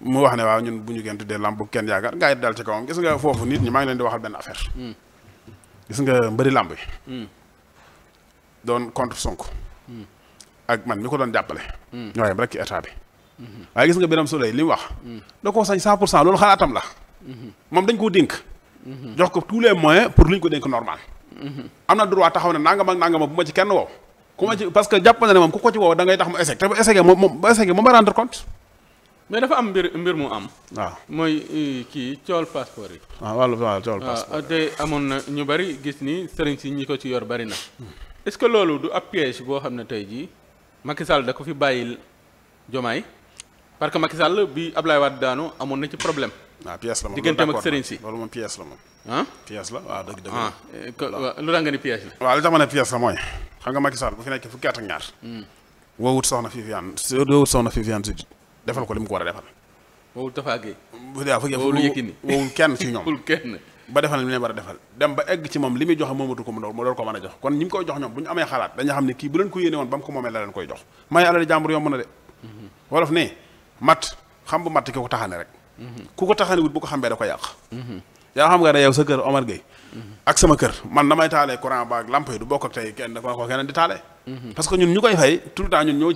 mu wax ne waaw ñun bu ñu gën dee làmb bu kenn yaakaar gaa yi daal ci kawam gis nga foofu nit ñi maa ngi leen hmm. gis nga mbëri làmb yi. Hmm. doon contre Sonko. Hmm. ak man mi ko doon jàppale. ñoo rek ci état bi. waaye gis nga Birame Souleye li mu wax. da ko sañ 100 pour cent loolu xalaatam la. moom dañ koo dénk. jox ko tous les moyens pour liñ ko dénk normal. am na droit taxaw ne nangam ak nangama bu ma ci kenn woo ku ma ci parce que jàpp na ne moom ku ko ci woo da tax mu échec te bu échec moom bu échec moom ma rendre compte mais dafa am mbir mbir mu am waaw mooy euh, kii cool passeport yi waaw wàllu waaw cool ah, amoon na ñu bari gis ni sëriñ si ñi ko ci yor bari na est-ce que loolu du ab piège boo xam ne tey jii Macky Sall ko fi bàyyil Jomaay parce que Macky Sall bi Ablaye Wade daanu amoon na ci problème waa ah, pièce la moom digganteem ak sëriñ si loolu moom pièce la moom. ah pièce la waaw dëgg dëgg. ah eh, lu tax nga ni pièce la. waaw li tax ma ne pièce la mooy xam nga Macky Sall bu fi nekk fukki at ak ñaar. Hmm. woowut soxna Viviane defal ko li mu ko war a defal. woowul Tafa Gueye. waaw fukki woowul Yékini kenn ci ñoom woowul kenn. defal dem ba egg ci moom li muy joxe moomatu ko mu doon mu doon ko mën a jox kon ñi mu koy jox ñoom bu ñu amee xalaat dañu xam ne kii bu leen ko yéene woon ba mu ko moomee la leen koy jox may alali jàmbur yomb na de mhm. wolof ne mat xam bu matt ki ko taxaane rek ku ko taxani wut bu ko xambee da ko yàq yaa xam nga ne yow sa kër Omar Gueye ak sama kër man damay taalee courant baak lamp yi du bokk ak kenn ko ko di taalee parce que a euh,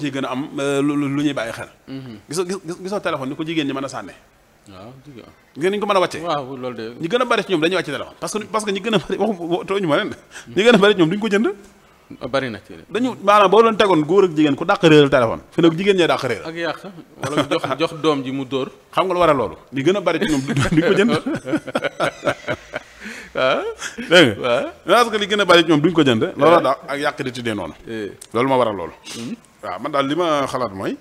ko jigéen ñi mën a sànne waaw ngeen ñu ko mën a wàcce ñi gën a bari ci ñoom dañuy wàcce téléphone parce que ñi gën a bari waxu tooñu ma ren ñi gën a bari ci ñoom duñ ko jënd Ah, bari na ci dañu maanaam boo doon tegoon góor ak jigéen ku dàq réeral téléphone fi nag jigéen ñee dàq réer ak yàq sax wala jox jox doom ji mu dóor xam nga lu war a loolu ah? ah. li gën a bari ci ñoom duñ ko jënd waaw dégg gën a bari ñoom duñ ko jënd loolu eh. daal ak yàq di tuddee noonu eh. loolu ma war a loolu hmm? waaw man daal li ma xalaat mooy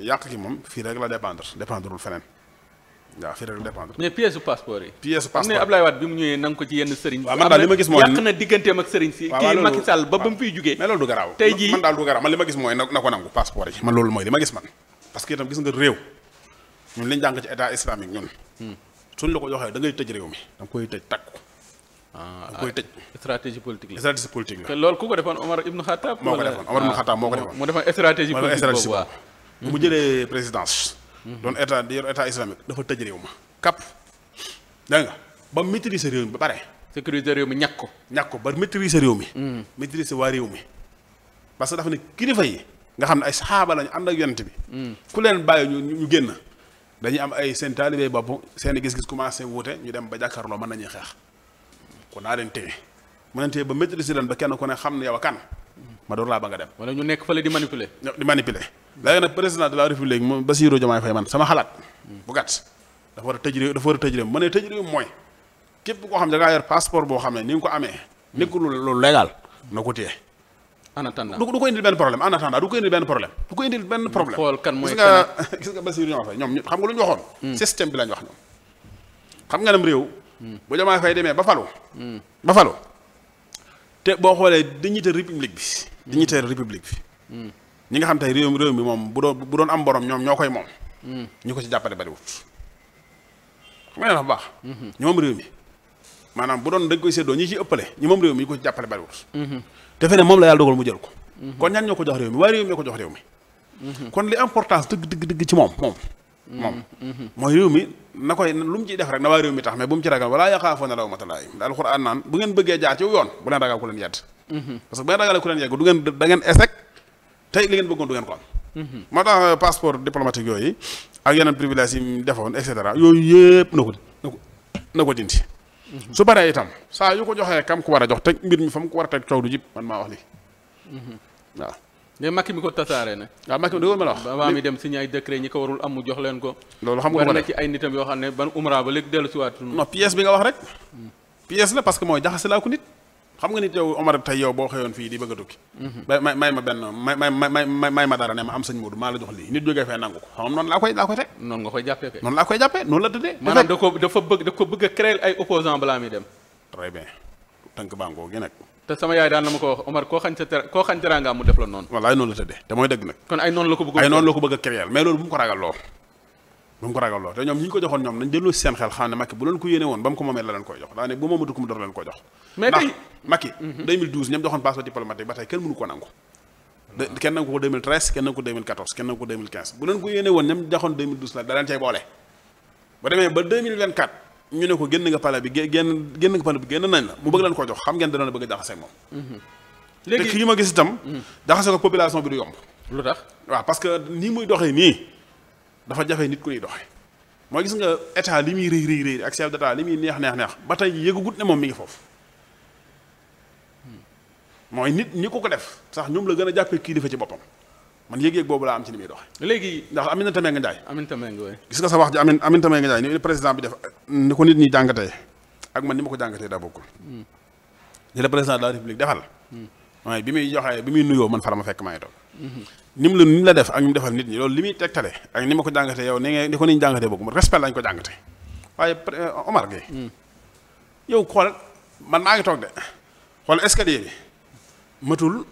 yàq ki moom fii rek la dépendre dépendreul feneen waaw fii rek dépendre. mais pièce su passeport yi. pièce su passeport am na bi mu ñëwee na ko ci yenn sëriñ. waaw man daal li ma gis mooy yàq na digganteem ak sëriñ si. kii Macky Sall ba ba mu fiy jugee. mais loolu du garaaw tey jii man daal du garaaw man li ma gis mooy na ko nangu passeport yi. man loolu mooy li ma gis man parce que itam gis nga réew ñun liñ jàng ci état islamique ñun. Hmm. suñ la ko joxee da tëj réew mi. da koy tëj takku. ah koy ah, tëj stratégie doon état di yor état islamique dafa tëj réew ma kàpp dégg nga ba maîtriser réew mi ba pare. sécurité réew mi ñàkk ko. ñàkk ba maîtriser réew mi. Mm. maîtriser waa réew mi parce que dafa ne kilifa yi nga xam ne ay saxaaba lañu ànd ak yonent bi. Mm. ku leen bàyyi ñu ñu génn. dañuy am ay seen taalibe bopp seen gis-gis commencé wute ñu dem ba jàkkaarloo mën nañuy xeex kon naa leen téye mën nañu téye ba maîtriser leen ba kenn ku ne xam ne yow a kan mm. ma door laa ba nga dem. wala ñu nekk fële di manipuler. di manipuler léegi nag président de la république moom Bassirou Diomaye Faye man sama xalaat bu gàtt dafa war a tëj réew dafa war a tëj réew ma ne tëj réew mooy képp koo xam ne da ngaa yor passeport boo xam ne ni nga ko amee nekkul lu légal na ko téye en attendant du ko indil benn problème en attendant du ko indil benn problème du ko indil benn problème xool kan mooy gis nga gis nga Bassirou Diomaye Faye ñoom xam nga lu ñu waxoon hmm. système bi lañ wax ñoom xam nga nam réew hmm. bu Diomaye Faye demee ba falu hmm. ba falu te boo xoolee dignité république bi dignité république bi ñi nga xam tey réew réew mi moom bu doon bu doon am borom ñoom ñoo koy moom. Hmm. ñu jàppale bariwut. xam baax. Hmm. ñu moom réew mi bu doon dañ koy séddoo ñi ci ëppale ñi moom réew ko ci jàppale bariwut. Hmm. te moom la yàlla dogal mu jël ko. kon ñan ñoo ko jox réew mi waaye réew mi ñoo ko jox réew mi. kon li importance dëgg dëgg dëgg ci moom moom. moom mooy réew mi na koy lu mu ciy def rek na waa réew mi tax mais bu mu ci ragal walaa yaxaafoona lawmata laa'im daal alxuraan naan bu ngeen bëggee jaar ci yoon bu leen ragal ku leen yedd. parce que bu ngeen ragalee ku leen yedd du tey li ngeen bëggoon du ngeen ko am. moo tax euh, passeport diplomatique yooyu ak yeneen privilèges yi mu defoon et cetera yooyu yëpp na ko na ko dindi. su baree itam saa yu ko joxee kam ku war a jox teg mbir mi fa mu ko war a teg coow du jib man maa wax lii. waaw. mais Macky mi ko tasaare na. waaw Macky dëgg la ma wax. ba mi dem signé ay décret ñi ko warul am jox leen ko. loolu xam nga war na ci ay nitam yoo xam ne ban umra ba léegi dellusiwaat. non pièce bi nga que mooy jaxase laa ko xam nga ni teew Omar tey yow boo xëyoon fii di bëgg a tukki. may may ma benn may may may may ma ne ma am sëñ Modou maa la jox lii nit jógee fee nangu ko xam noonu laa koy jàppee kay. la tëddee. te mooy dëgg nag. kon ay noonu la ko bëgg a. ay noonu loolu bu mu ko ragal loo bu mu ko ragal loo te ñoom ñi ñu ko joxoon ñoom nañ delloo si seen xel xam ne Macky bu leen ko yéene ba mu ko moomee la leen koy jox daa ne bu moomatu ko mu dor leen ko Macky 2012 ñoom doxoon passeport diplomatique ba tey kenn mënu ko nangu ah. kenn nangu ko 2013 kenn nangu ko 2014 kenn nangu ko 2015 bu leen ko yéene woon ñoom doxoon 2012 la da leen cay boole ba demee ba ne ko génn nga pale bi génn génn nga pale bi génn nañ la mu bëgg leen ko jox xam ngeen danoon bëgg a jaxase ak moom mm-hmm. léegi te kii ma gis itam mm-hmm. jaxase ko population bi du yomb lu tax waaw parce que nii muy doxee nii dafa jafe nit ku ñuy doxee mooy gis nga état li muy rëy rëy muy neex neex neex ba tey yëgugut ne moom mi ngi foofu mooy nit ñi ko ko def sax ñoom la gën a jàppee kilifa ci boppam man yéeg-yéeg boobu laa am ci ni muy doxe léegi ndax Aminata na Ndiaye Aminata Mbengue waay gis nga sa wax ji Amin Aminata Mbengue Ndiaye ni président ni ñi jàngatee ak man ni ma ko jàngatee daa bokkul hmm. ni la président de la hmm. bi muy joxee bi muy nuyoo man fa la ma fekk maa ngi toog hmm. ni mu la ni mu la def ak ni mu defal nit ñi loolu li muy tegtale ak ni ma ko jàngatee yow ni nga ni ko nit ñi jàngatee bokkul respect lañ ko jàngatee waaye euh, Omar Gueye yow xool man maa ngi toog de xool escalier bi matul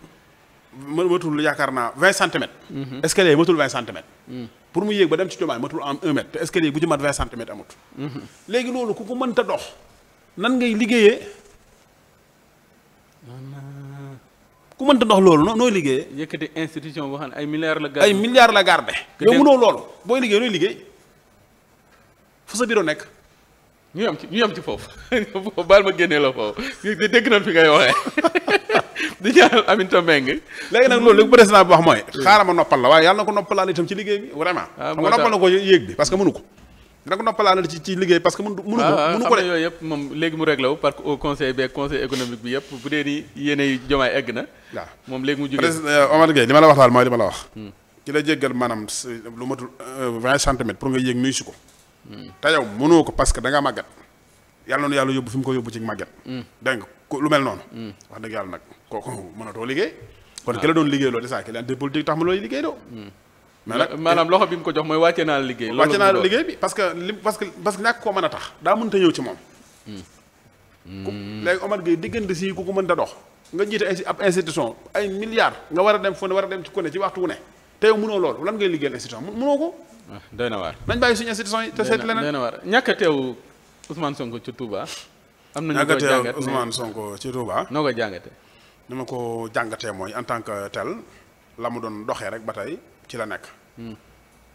matul yaakaar naa vingt centimètres. Mhm. escalier yi matul vingt centimètres. Mhm. pour mu yéeg ba dem ci jumaa matul am un mètre te escalier bu ci vingt centimètres amut. Mhm. léegi loolu ku ko mënta dox nan ngay liggéeyee. ku mënta dox loolu nooy liggéeyee. yëkkati institution boo xam ne ay milliards la. ay milliards la garde yow mënoo loolu booy liggéey nooy liggéey fa sa bureau nekk. ñu yam ci ñu yam ci foofu baal ma génnee la foofu dégg nañ fi ngay waxee. di ñaanal Aminata Mbengue léegi nag loolu li président bi wax mooy xaaral ma noppal la waaye yàlla na ko noppalaale itam ci liggéey bi vraiment ah, xam nga noppal na ko yéeg bi parce que mënu ko dina ko noppalaale ci liggéey bi ak ah, ah, bu dee ni yéene jomaay egg na moom léegi mu jógee euh, Omar Gueye li ma la wax daal mooy li ma la wax ki la jéggal maanaam lu matul euh, vingt centimètres pour nga yéeg nuyu si ko hmm. te yow mënoo ko parce que da hmm. nga màggat hmm. yàlla noonu yàlla kooku mënatoo liggéey. kon ki la doon liggéey loo de saa ki la ante politique tax ma looy liggéey doo. maanaam loxo bi mu ko jox mooy wàcce naa la liggéey. loolu wàcce naa la liggéey bi parce que li parce que parce que ñàkk koo mën a tax daa mënta ñëw ci moom. ku léegi Omar Gueye diggante si ku ko mënta ay ab institution ay milliards nga a a dem ci ku ne ci waxtu wu ne te yow mënoo loolu lan ngay liggéeyal institution mënoo ko. waaw ah, doy na waar nañ bàyyi suñu institution yi te seet leneen doy na waar ñàkk a teew Ousmane Sonko ci Touba. am na ñu ko jàngat ñàkk a teew Ousmane Sonko ko jàngate nu ma ko jàngatee mooy en tant que tel la mu doon doxee rek ba tey ci la nekk. Hmm.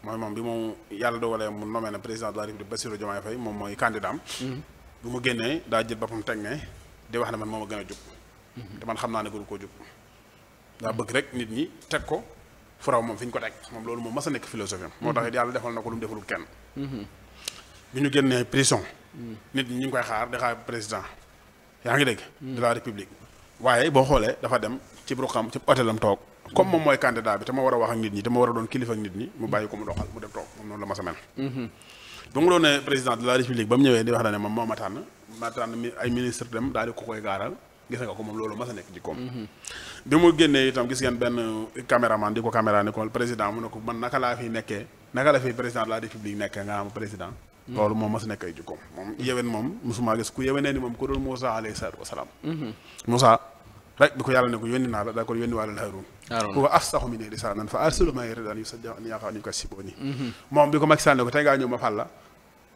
mooy moom bi moom yàlla dogalee mu nommé na président de la République Bassirou mooy candidat am. Hmm. bu mu génnee daa jël boppam teg ne di wax ne man moom a gën a jub. Hmm. xam naa ne gënu koo jub. daa bëgg rek nit ñi teg ko fu raw ko teg moom loolu moom mas nekk philosophie am. moo tax it yàlla defal na ko ñu génnee prison. nit ñi ñu koy xaar di président yaa ngi dégg. de la République. waaye boo xoolee dafa dem ci ruqam ci hôtelam toog comme moom mooy candidat bi te ma war a wax ak nit ñi te ma war a doon kilifa ak nit ñi mu bàyyi ko mu doxal mu dem toog moom noonu la mhm. ma tànn ma ay ministre dem daal ko koy gaaral gis nga ko moom loolu ma sa nekk jikkoom mhm. bi mu génnee itam gis ngeen benn caméraman di ko caméra ni ko président mu ne ko man naka laa fi nekkee naka la fi président de la république nekkee nga am président loolu moom mas nekk ay jukkoom moom yewen moom mosuma gis ku yewenee ni moom ku dul Moussa alayhi salaatu wasalaam mhm. Moussa rek bi ko yàlla ne ko yónni naa la daa ko yónni waale la Haroun huwa afsahu minni lisaanan fa arsilu maa yuriidu an yusaddiqani an yukazzibuuni mhm. moom bi ko Macky Sall ne ko tey ngaa ñëw ma fal la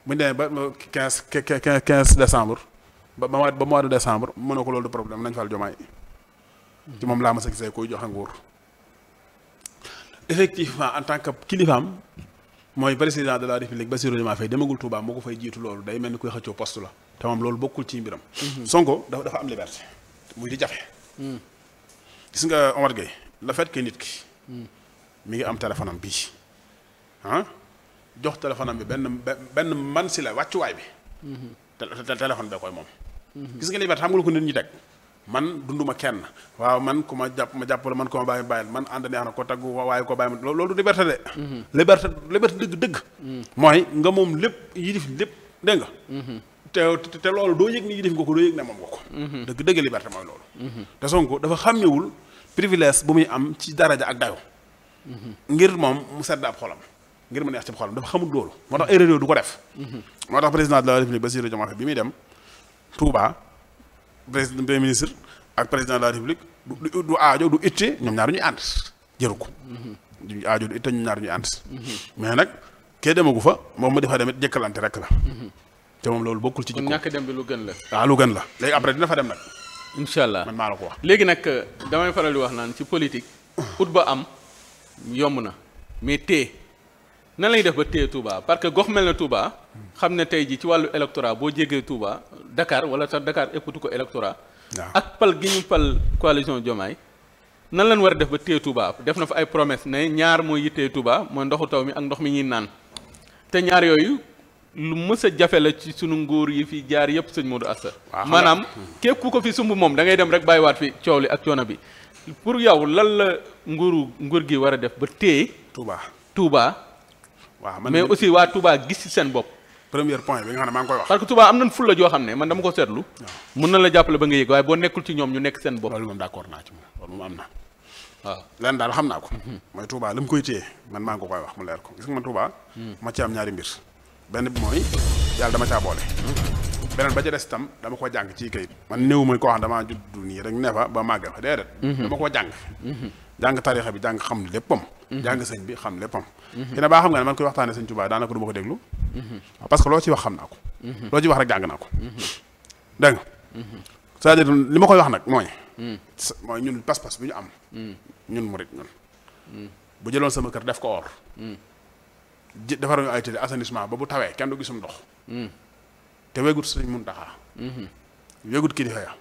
bu ñu demee ba quinze quinze quinze décembre ba ba ba mois de décembre mën na ko loolu du problème nañ fal jomaay mhm. ci moom laa ma sa gisee koy joxe nguur effectivement en tant que kilifaam mooy président de la république Bassirou Diomaye Faye demagul Touba moo ko fay jiitu loolu day mel ni koy xëccoo poste la te moom loolu bokkul ci mbiram. Mhm. Sonko dafa dafa am liberté muy di jafe. Mhm. gis nga Omar Gueye le fait que nit ki. Mhm. mi ngi am téléphone am bii ah, jox téléphone bi benn benn man si la wàccuwaay bi. te téléphone bee koy moom. gis nga liberté xam nga lu ko nit ñi teg. man dunduma kenn waaw man ku ma jàpp ma jàpp la man ku ma bàyyi man ànd neex na ko taggu waaye ko bàyyi ma loolu du liberté de mhm. liberté liberté dëgg dëgg mhm. mooy nga moom lépp yilif lépp dégg nga mhm. te te loolu doo yëg ni yilif nga ko doo yëg ne moom nga ko dëgg dëgg liberté mooy loolu te Sonko dafa xàmmewul privilège bu muy am ci daraja ak dayo ngir moom mu sedd ab xolam ngir mu neex ci xolam dafa xamul loolu moo tax erreur yooyu du ko def moo tax président de la république Bassirou Diomaye Faye muy dem Touba président premier ministre ak président de la république du du aajo du itte ñoom ñaar ñuy ànd jëru ko. du aajo du itte ñoom ñaar ñuy ànd. Mhm. Mhm. mais nag kee demagu fa moom ma defa demit jëkkalante rek la. Mhm. te moom loolu bokkul ci jikko ñàkk dem bi lu gën la. ah lu gën la léegi après dina fa dem nag. incha allah man maa la ko wax. léegi nag damay faral di wax naan ci politique. ut ba am yomb na mais tee. nan lañuy def ba téye Touba parce que gox mel na Touba xam ne tey jii ci wàllu électorat boo jegee Touba dakaar wala sa Dakar ëppatu ko électorat ak pal gi ñu pal coalition Diomaye nan lañ war a def ba téye Touba def na fa ay promesse ne ñaar mooy yittee Touba mooy ndoxu taw mi ak ndox mi ñuy naan te ñaar yooyu lu mës a jafe ci sunu nguur yi fi jaar yëpp sëñ Modou Asta maanaam hmm. képp ku sumb moom da dem rek bàyyiwaat fi coow li ak coono bi pour yow lan la nguuru nguur gi war a def ba téye Touba Touba waaw man mais aussi waa Touba gis ci seen bopp. premier point bi nga xam ne maa ngi koy wax. parce que am nañ fulla joo xam ne man dama ko seetlu. mën na la jàppale ba nga yëg waaye boo nekkul ci ñoom ñu nekk seen bopp. loolu moom d'accord am na. waaw lenn daal xam naa ko. Mhm. mooy Touba li mu koy téye man maa ngi ko koy wax mu leer ko gis nga man Touba. Mhm. ma ci am ñaari mbir. benn bi mooy yàlla dama caa boole. Mhm. beneen ba ca des itam dama ko jàng ci kayit. man néew mooy koo xam damaa judd nii rek ne fa ba màgg fa déedéet. dama ko jàng. jàng tarixa bi jàng xam léppam jàng sëñ bi xam léppam dina baa xam nga ne man koy waxtaane sëñ Tuubaa daanaka du ma ko déglu mhm. parce que loo ci wax xam naa ko mhm. loo ci wax rek jàng naa ko mhm. dégg nga c'est-à-dire li ma koy wax nag mooy mooy ñun pas-pas bi ñu am ñun murit ñun bu jëloon sama kër def ko or ji defar ñu ay tëdd ba bu tawee kenn du gisum ndox te weegut sëñ Muntaxa weegut kilifa ya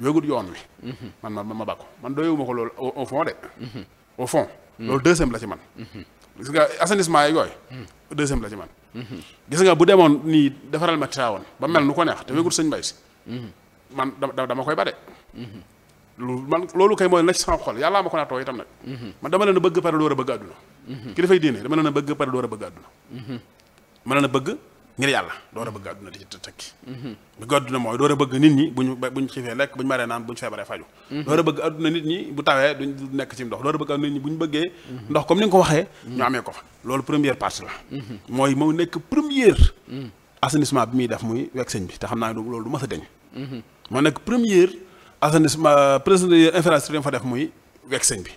weegut yoon wi man ma ma bàkku man doyewuma ko loolu au fond de au fond Mm-hmm. loolu deuxième la ci man mm-hmm. gis nga assainissement yi yooyu mm-hmm. deuxième la ci man gis nga bu demoon nii defaral ma Tiwaawan ba mel nu ko neex te wegul sëñ Mbay si man dama koy bade lu man loolu kay mooy la ci xol yàllaa ma ko naatoo itam nag man dama leen a bëgg pare door a bëgg àdduna ki dafay diine dama leen a bëgg pare door a bëgg àdduna ma leen a bëgg ngir yàlla door a bëgg adduna di ci tekki bëgg adduna mooy door a bëgg nit ñi buñu buñ xiifee lekk buñu maree naan buñu feebaree faju door a bëgg adduna nit ñi bu tawee duñ nekk ci ndox door a bëgg adduna nit ñi buñu comme ni nga ko waxee ñu amee ko fa loolu première partie la mooy moo nekk première assainissement bi muy def muy wekk sëñ bi te xam naa loolu du ma a deñ moo nekk première assainissement président infrastructure yi fa def muy wekk sëñ bi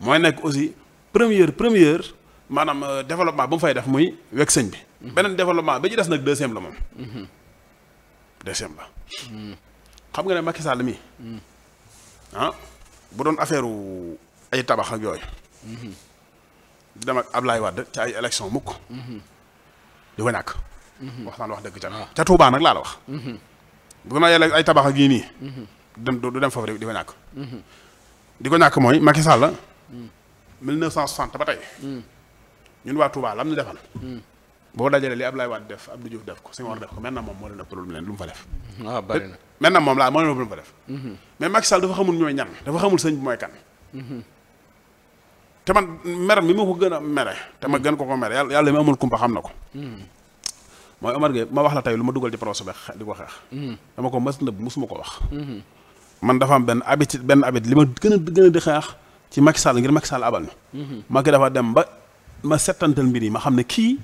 mooy nekk aussi première première maanaam euh, développement bu mu fay def muy wekk sëñ bi beneen développement ba ci des nag deuxième la moom. Mhm. deuxième la. Mhm. xam nga ne Macky Sall mii. Mhm. Ah bu doon affaire ay tabaxa ak yooyu. dem ak Ablaye Wade ci ay élection mukk. du ko ñàkk. waxtaan wax dëgg ca ah. ca Touba nag laa la wax. bu doon ay ay tabax ak yii nii. dem du dem foofu di ko ñàkk. di ko ñàkk mooy Macky Sall. 1960 ba tey. ñun waa Touba lam ñu defal. boo dajalee li Ablaye Wade def Abdou Diouf def ko Senghor def ko maintenant moom moo leen ëpp lu mu leen lu mu fa def. waaw ah, bari na maintenant moom laa moo leen ëpp lu mu fa def. Mhm. Mhm. ma ko gën a mere te ma gën ko ko mere yàlla yàlla mi amul xam na ko. Mhm. mooy Omar ma wax la tey lu ma dugal ci procès bi di ko xeex. dama ko mës nëbb ko wax. man dafa am benn habitude benn habitude li ma gën a gën a di xeex ci Macky Sall ngir Macky Sall abal mi. Macky dafa dem ba ma settantal mbir yi ma xam ne kii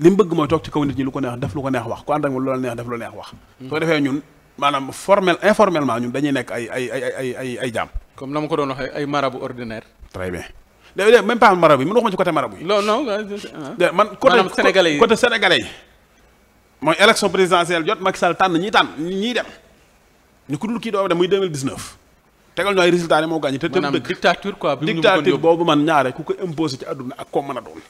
li mu bëgg mooy toog ci kaw nit ñi lu ko neex def lu ko neex wax ku ànd ak moom neex def lu neex wax soo defee ñun maanaam formel informellement ñun dañuy nekk ay ay ay jaam comme na ma ko doon waxee ay marabu ordinaire très bien déedéet même pas marabu yi man waxuma ci côté marabu yi non non ah. man côté sénégalais yi côté sénégalais yi mooy élection présidentielle jot Macky Sall tànn ñi tànn ñiy dem ñu ku dul kii doo dem muy 2019 tegal ñu ay résultats ne moo gàññi te te dëkk dictature quoi dictature boobu man ñaare ku ko imposé ci àdduna ak koo mën a doon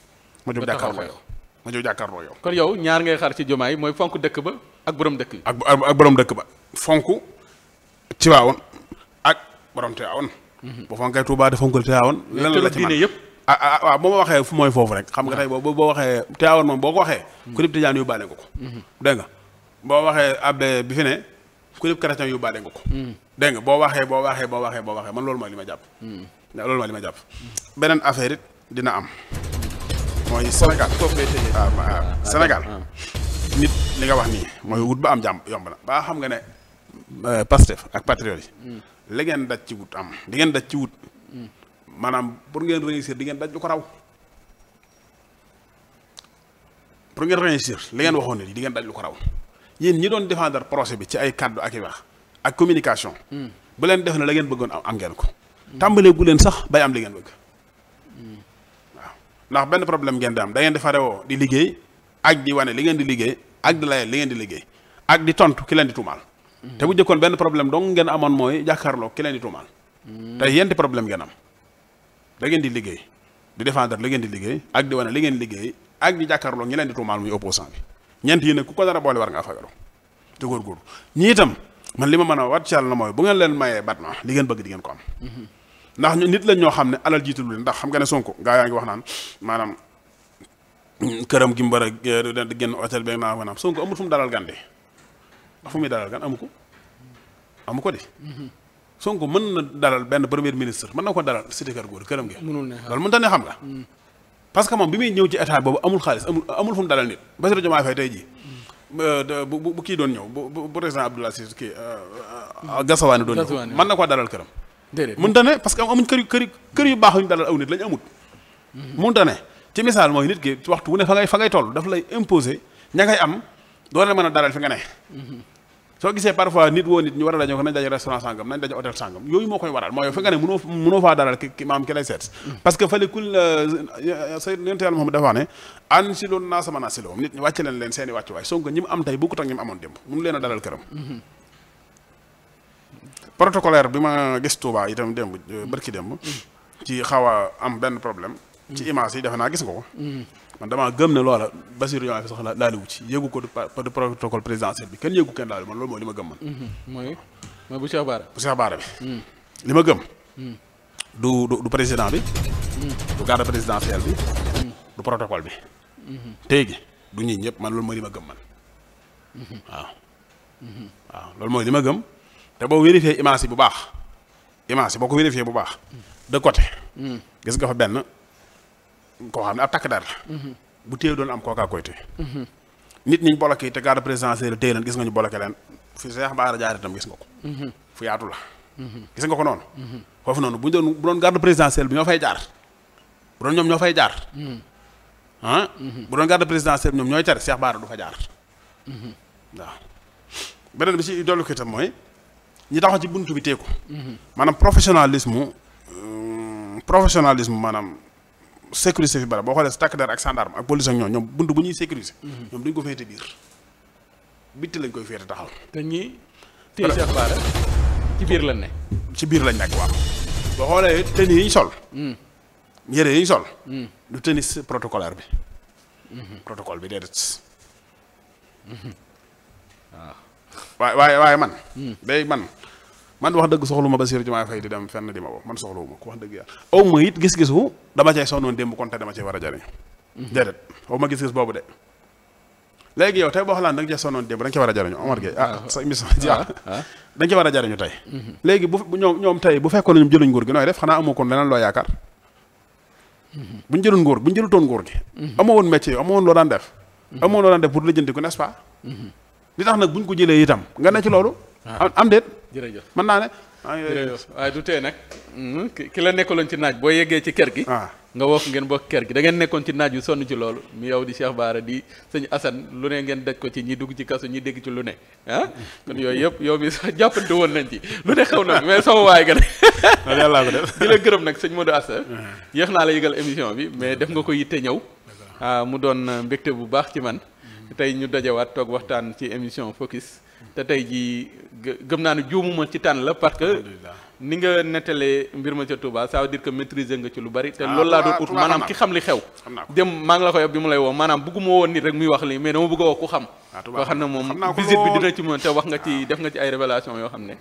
ma jóg Dakar la yow ma ñëw jàkkaarloo yow. kon yow ñaar ngay xaar ci jumaa yi mooy fonk dëkk ba ak borom dëkk bi. dëkk ba fonk Tiwaawoon ak borom Tiwaawoon. Mhm. bu fonkee Touba de fonkul Tiwaawoon. lan la la ci mën ah, ah ah waaw boo waxee fu mooy foofu rek xam nga tey boo boo waxee Tiwaawoon moom boo waxee. Mhm. ku nekk tijaan yóbbaale nga ko. Mhm. dégg nga boo waxee abbé bi fi ne ku nekk chrétien yóbbaale nga ko. dégg nga boo waxee boo waxee boo waxee boo waxee man loolu mooy li ma jàpp. loolu mooy li ma jàpp beneen affaire it dina am. mooy Sénégal waaw ah, ah, Sénégal ah. nit li nga wax nii mooy wut ba am jàmm yomb na ba xam nga ne euh, Pastef ak patriote yi hmm. li ngeen daj ci wut am di ngeen daj ci wut hmm. maanaam pour ngeen réussir di ngeen daj lu ko raw pour ngeen réussir li ngeen waxoon ni di ngeen daj lu ko raw yéen ñi doon défendre projet bi ci ay kàddu ak i wax ak communication hmm. bu leen def na la ngeen bëggoon am am ngeen ko tàmbalee bu leen sax bay am li ngeen bëgg ndax benn problème ngeen di am da ngeen di farewoo di liggéey ak di wane li ngeen di liggéey ak di layal li ngeen di liggéey ak di tontu ki leen di tuumaal. te bu njëkkoon benn problème dong ngeen amoon mooy jàkkaarloo ki leen di tuumaal. te yenti problème ngeen am da ngeen di liggéey di défendre li ngeen di liggéey ak di wane li ngeen liggéey ak di jàkkaarloo ñi leen di tuumaal muy opposant bi ñeent yi nag ku ko dara boole war ngaa fagaru te góorgóorlu ñii tam man li ma mën a wat ci yàlla mooy leen mayee bat li ngeen bëgg di ngeen ko am ndax ñu nit lañ ñoo xam ne alal jiitalu leen ndax xam nga ne Sonko gaa yaa ngi wax naan maanaam këram gi mu war a génn hôtel beeg naa maanaam Sonko amul dalal gan de ndax fu muy dalal gan amu ko amu ko de. Sonko mën na dalal benn premier ministre mën na ko dalal cité kër góor këram gi. mënul ne loolu mënta ne xam nga. Hmm. parce que moom bi muy ñëw ci état boobu amul xaalis amul amul fu mu dalal nit Bassirou Diomaye Faye tey jii. Hmm. Euh, bu bu kii doon ñëw bu bu président Abdoulaye Cissé kii. Euh, euh, Gassawani doon ñëw mën na koo dalal këram. déedéet mënta ne parce que amuñ kër yu baax yuñ dalal aw nit lañ amut. mënta ne ci misaal mooy nit ki waxtu wu ne fa ngay fa daf lay imposer ña ngay am doo leen mën a dalal fi nga ne. soo gisee parfois nit woo nit ñu war a dañoo ko nañ daje restaurant sangam nañ daje hôtel sangam yooyu moo koy waral mooy yow fi nga ne mënoo faa dalal ki maam ki lay seet. parce que fële kul say yonent yàlla Muhammad dafa ne an si naa sama naa si nit ñi wàcc protocolaire bi ma gis Touba itam démb euh, mm. bërki démb ci xaw a am benn problème ci mm. image yi defe naa gis nga ko mm. man damaa gëm ne loola Bassirou Diomaye sax laaliwu ci yëgu ko du protocole présidentiel bi kenn yëgu kenn laali man loolu mooy li li ma gëm du du bi du bi du bi tey du ñii man loolu mooy li ma gëm man waaw mm-hmm. waaw loolu mooy li ma gëm te boo vérifié image bu baax image yi boo ko vérifié bu baax de gis nga fa benn koo xam ne ab takk dara la bu téye doon am kookaa koy téye nit ñi ñu bloqué te garde présidentielle téye leen gis nga ñu bloqué leen fi Cheikh Bara jaar tam gis nga ko fu yaatu la gis nga ko noonu foofu noonu bu ñu doon bu doon garde présidentielle bi ñoo fay jaar bu ñoom ñoo fay jaar ah bu doon garde présidentielle ñoom ñooy tere Cheikh Bara du fa jaar waaw beneen bi ci dollu ko itam mooy ñi taxaw ci buntu bi teeku. maanaam professionnalisme euh, professionnalisme maanaam sécurité fi bara boo xoolee takk der ak gendarme ak police ak ñoom ñoom buntu bu ñuy sécuriser. ñoom duñ ko féete biir bitti lañ koy féete taxaw. te ñii téye Cheikh Bara ci biir lañ ne. ci biir lañ nekk waaw. boo xoolee tenue yi ñu sol. Hmm. yére yi ñu sol. Hmm. du tenue protocolaire bi. Hmm. protocole bi déedéet. waaw waaye waaye man. day man man wax dëgg soxlu ma Bassirou Diomaye Faye di dem fenn di ma woo man soxlawu ma wax dëgg yàlla aw ma gis-gisu dama cay sonnoon démb a jariñ mhm. déedéet aw ma gis boobu de léegi yow tey boo xalaan da nga cee sonnoon démb da nga ci war a jariñu Omar Gueye ah, ah sa émission ah, ah, war a jariñu tey mhm. léegi bu ñoom ñoom tey bu fekkoon ñoom jëluñ nguur gi nooy def xanaa amoo kon leneen loo yaakaar mhm. bu ñu jëloon bu ñu jëlutoon nguur gi amoo woon métier amoo woon daan def amoo woon loo daan def pour lijjanti ko n'est-ce li tax nag buñ ko jëlee itam nga ne ci loolu am ah. am déet. jërëjëf man naa ne. waaye ah, ah, du tee nag. Hmm, ki la nekkaloon ci naaj boo yeggee ci kër gi. nga woof ngeen bokk kër gi da ngeen nekkoon ci naaj yu sonn ci loolu mi yow di Cheikh Bara di sëñ Assane lu ne ngeen daj ko ci ñi dugg ci kaso ñi dégg ci lu ne ah kon yooyu yëpp yow mi sax jàppante woon nañ ci lu ne xew na mais sama waay nga ne yàllaa ko la gërëm nag sëñ Modou Assa yéex naa la yëgal émission bi mais def nga ko yitte ñëw mu doon mbégte bu baax ci man mm-hmm. tey ñu dajewaat toog waxtaan ci émission focus te tey jii gëm naa ne juumuma ci tànn la parce que ni nga nettalee mbir ma ca Touba ça veut dire nga ci lu bari te ah, lool laa doon ut maanaam ki xam li xew dem maa ngi la koy wax bi mu lay woo maanaam bëgguma woon nit rek muy wax li mais dama bëgg a wax ku xam koo ah, xam moom visite bi dina ci mën te wax nga ci ah. def nga ci ay révélation yoo xam ne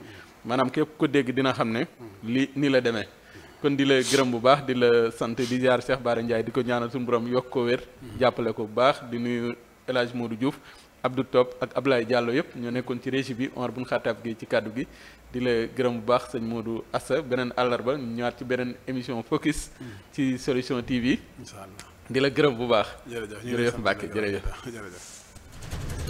maanaam képp ko dégg dina xam ne li ni la demee kon di la gërëm bu baax di la sant di jaar Cheikh Bara Ndiaye di ko ñaanal suñu borom yokk ko jàppale ko bu baax di nuyu El Hadj Modou Diouf Abdou Top ak ablaay Diallo yëpp ñoo nekkoon ci régie bi Omar bun Xaataab gi ci kàddu gi di la gërëm bu baax sañ moo du Assa beneen àllarba ñu ñëwaat ci beneen émission focus ci solution TV. incha allah di la gërëm bu baax. jërëjëf jërëjëf Mbacke jërëjëf.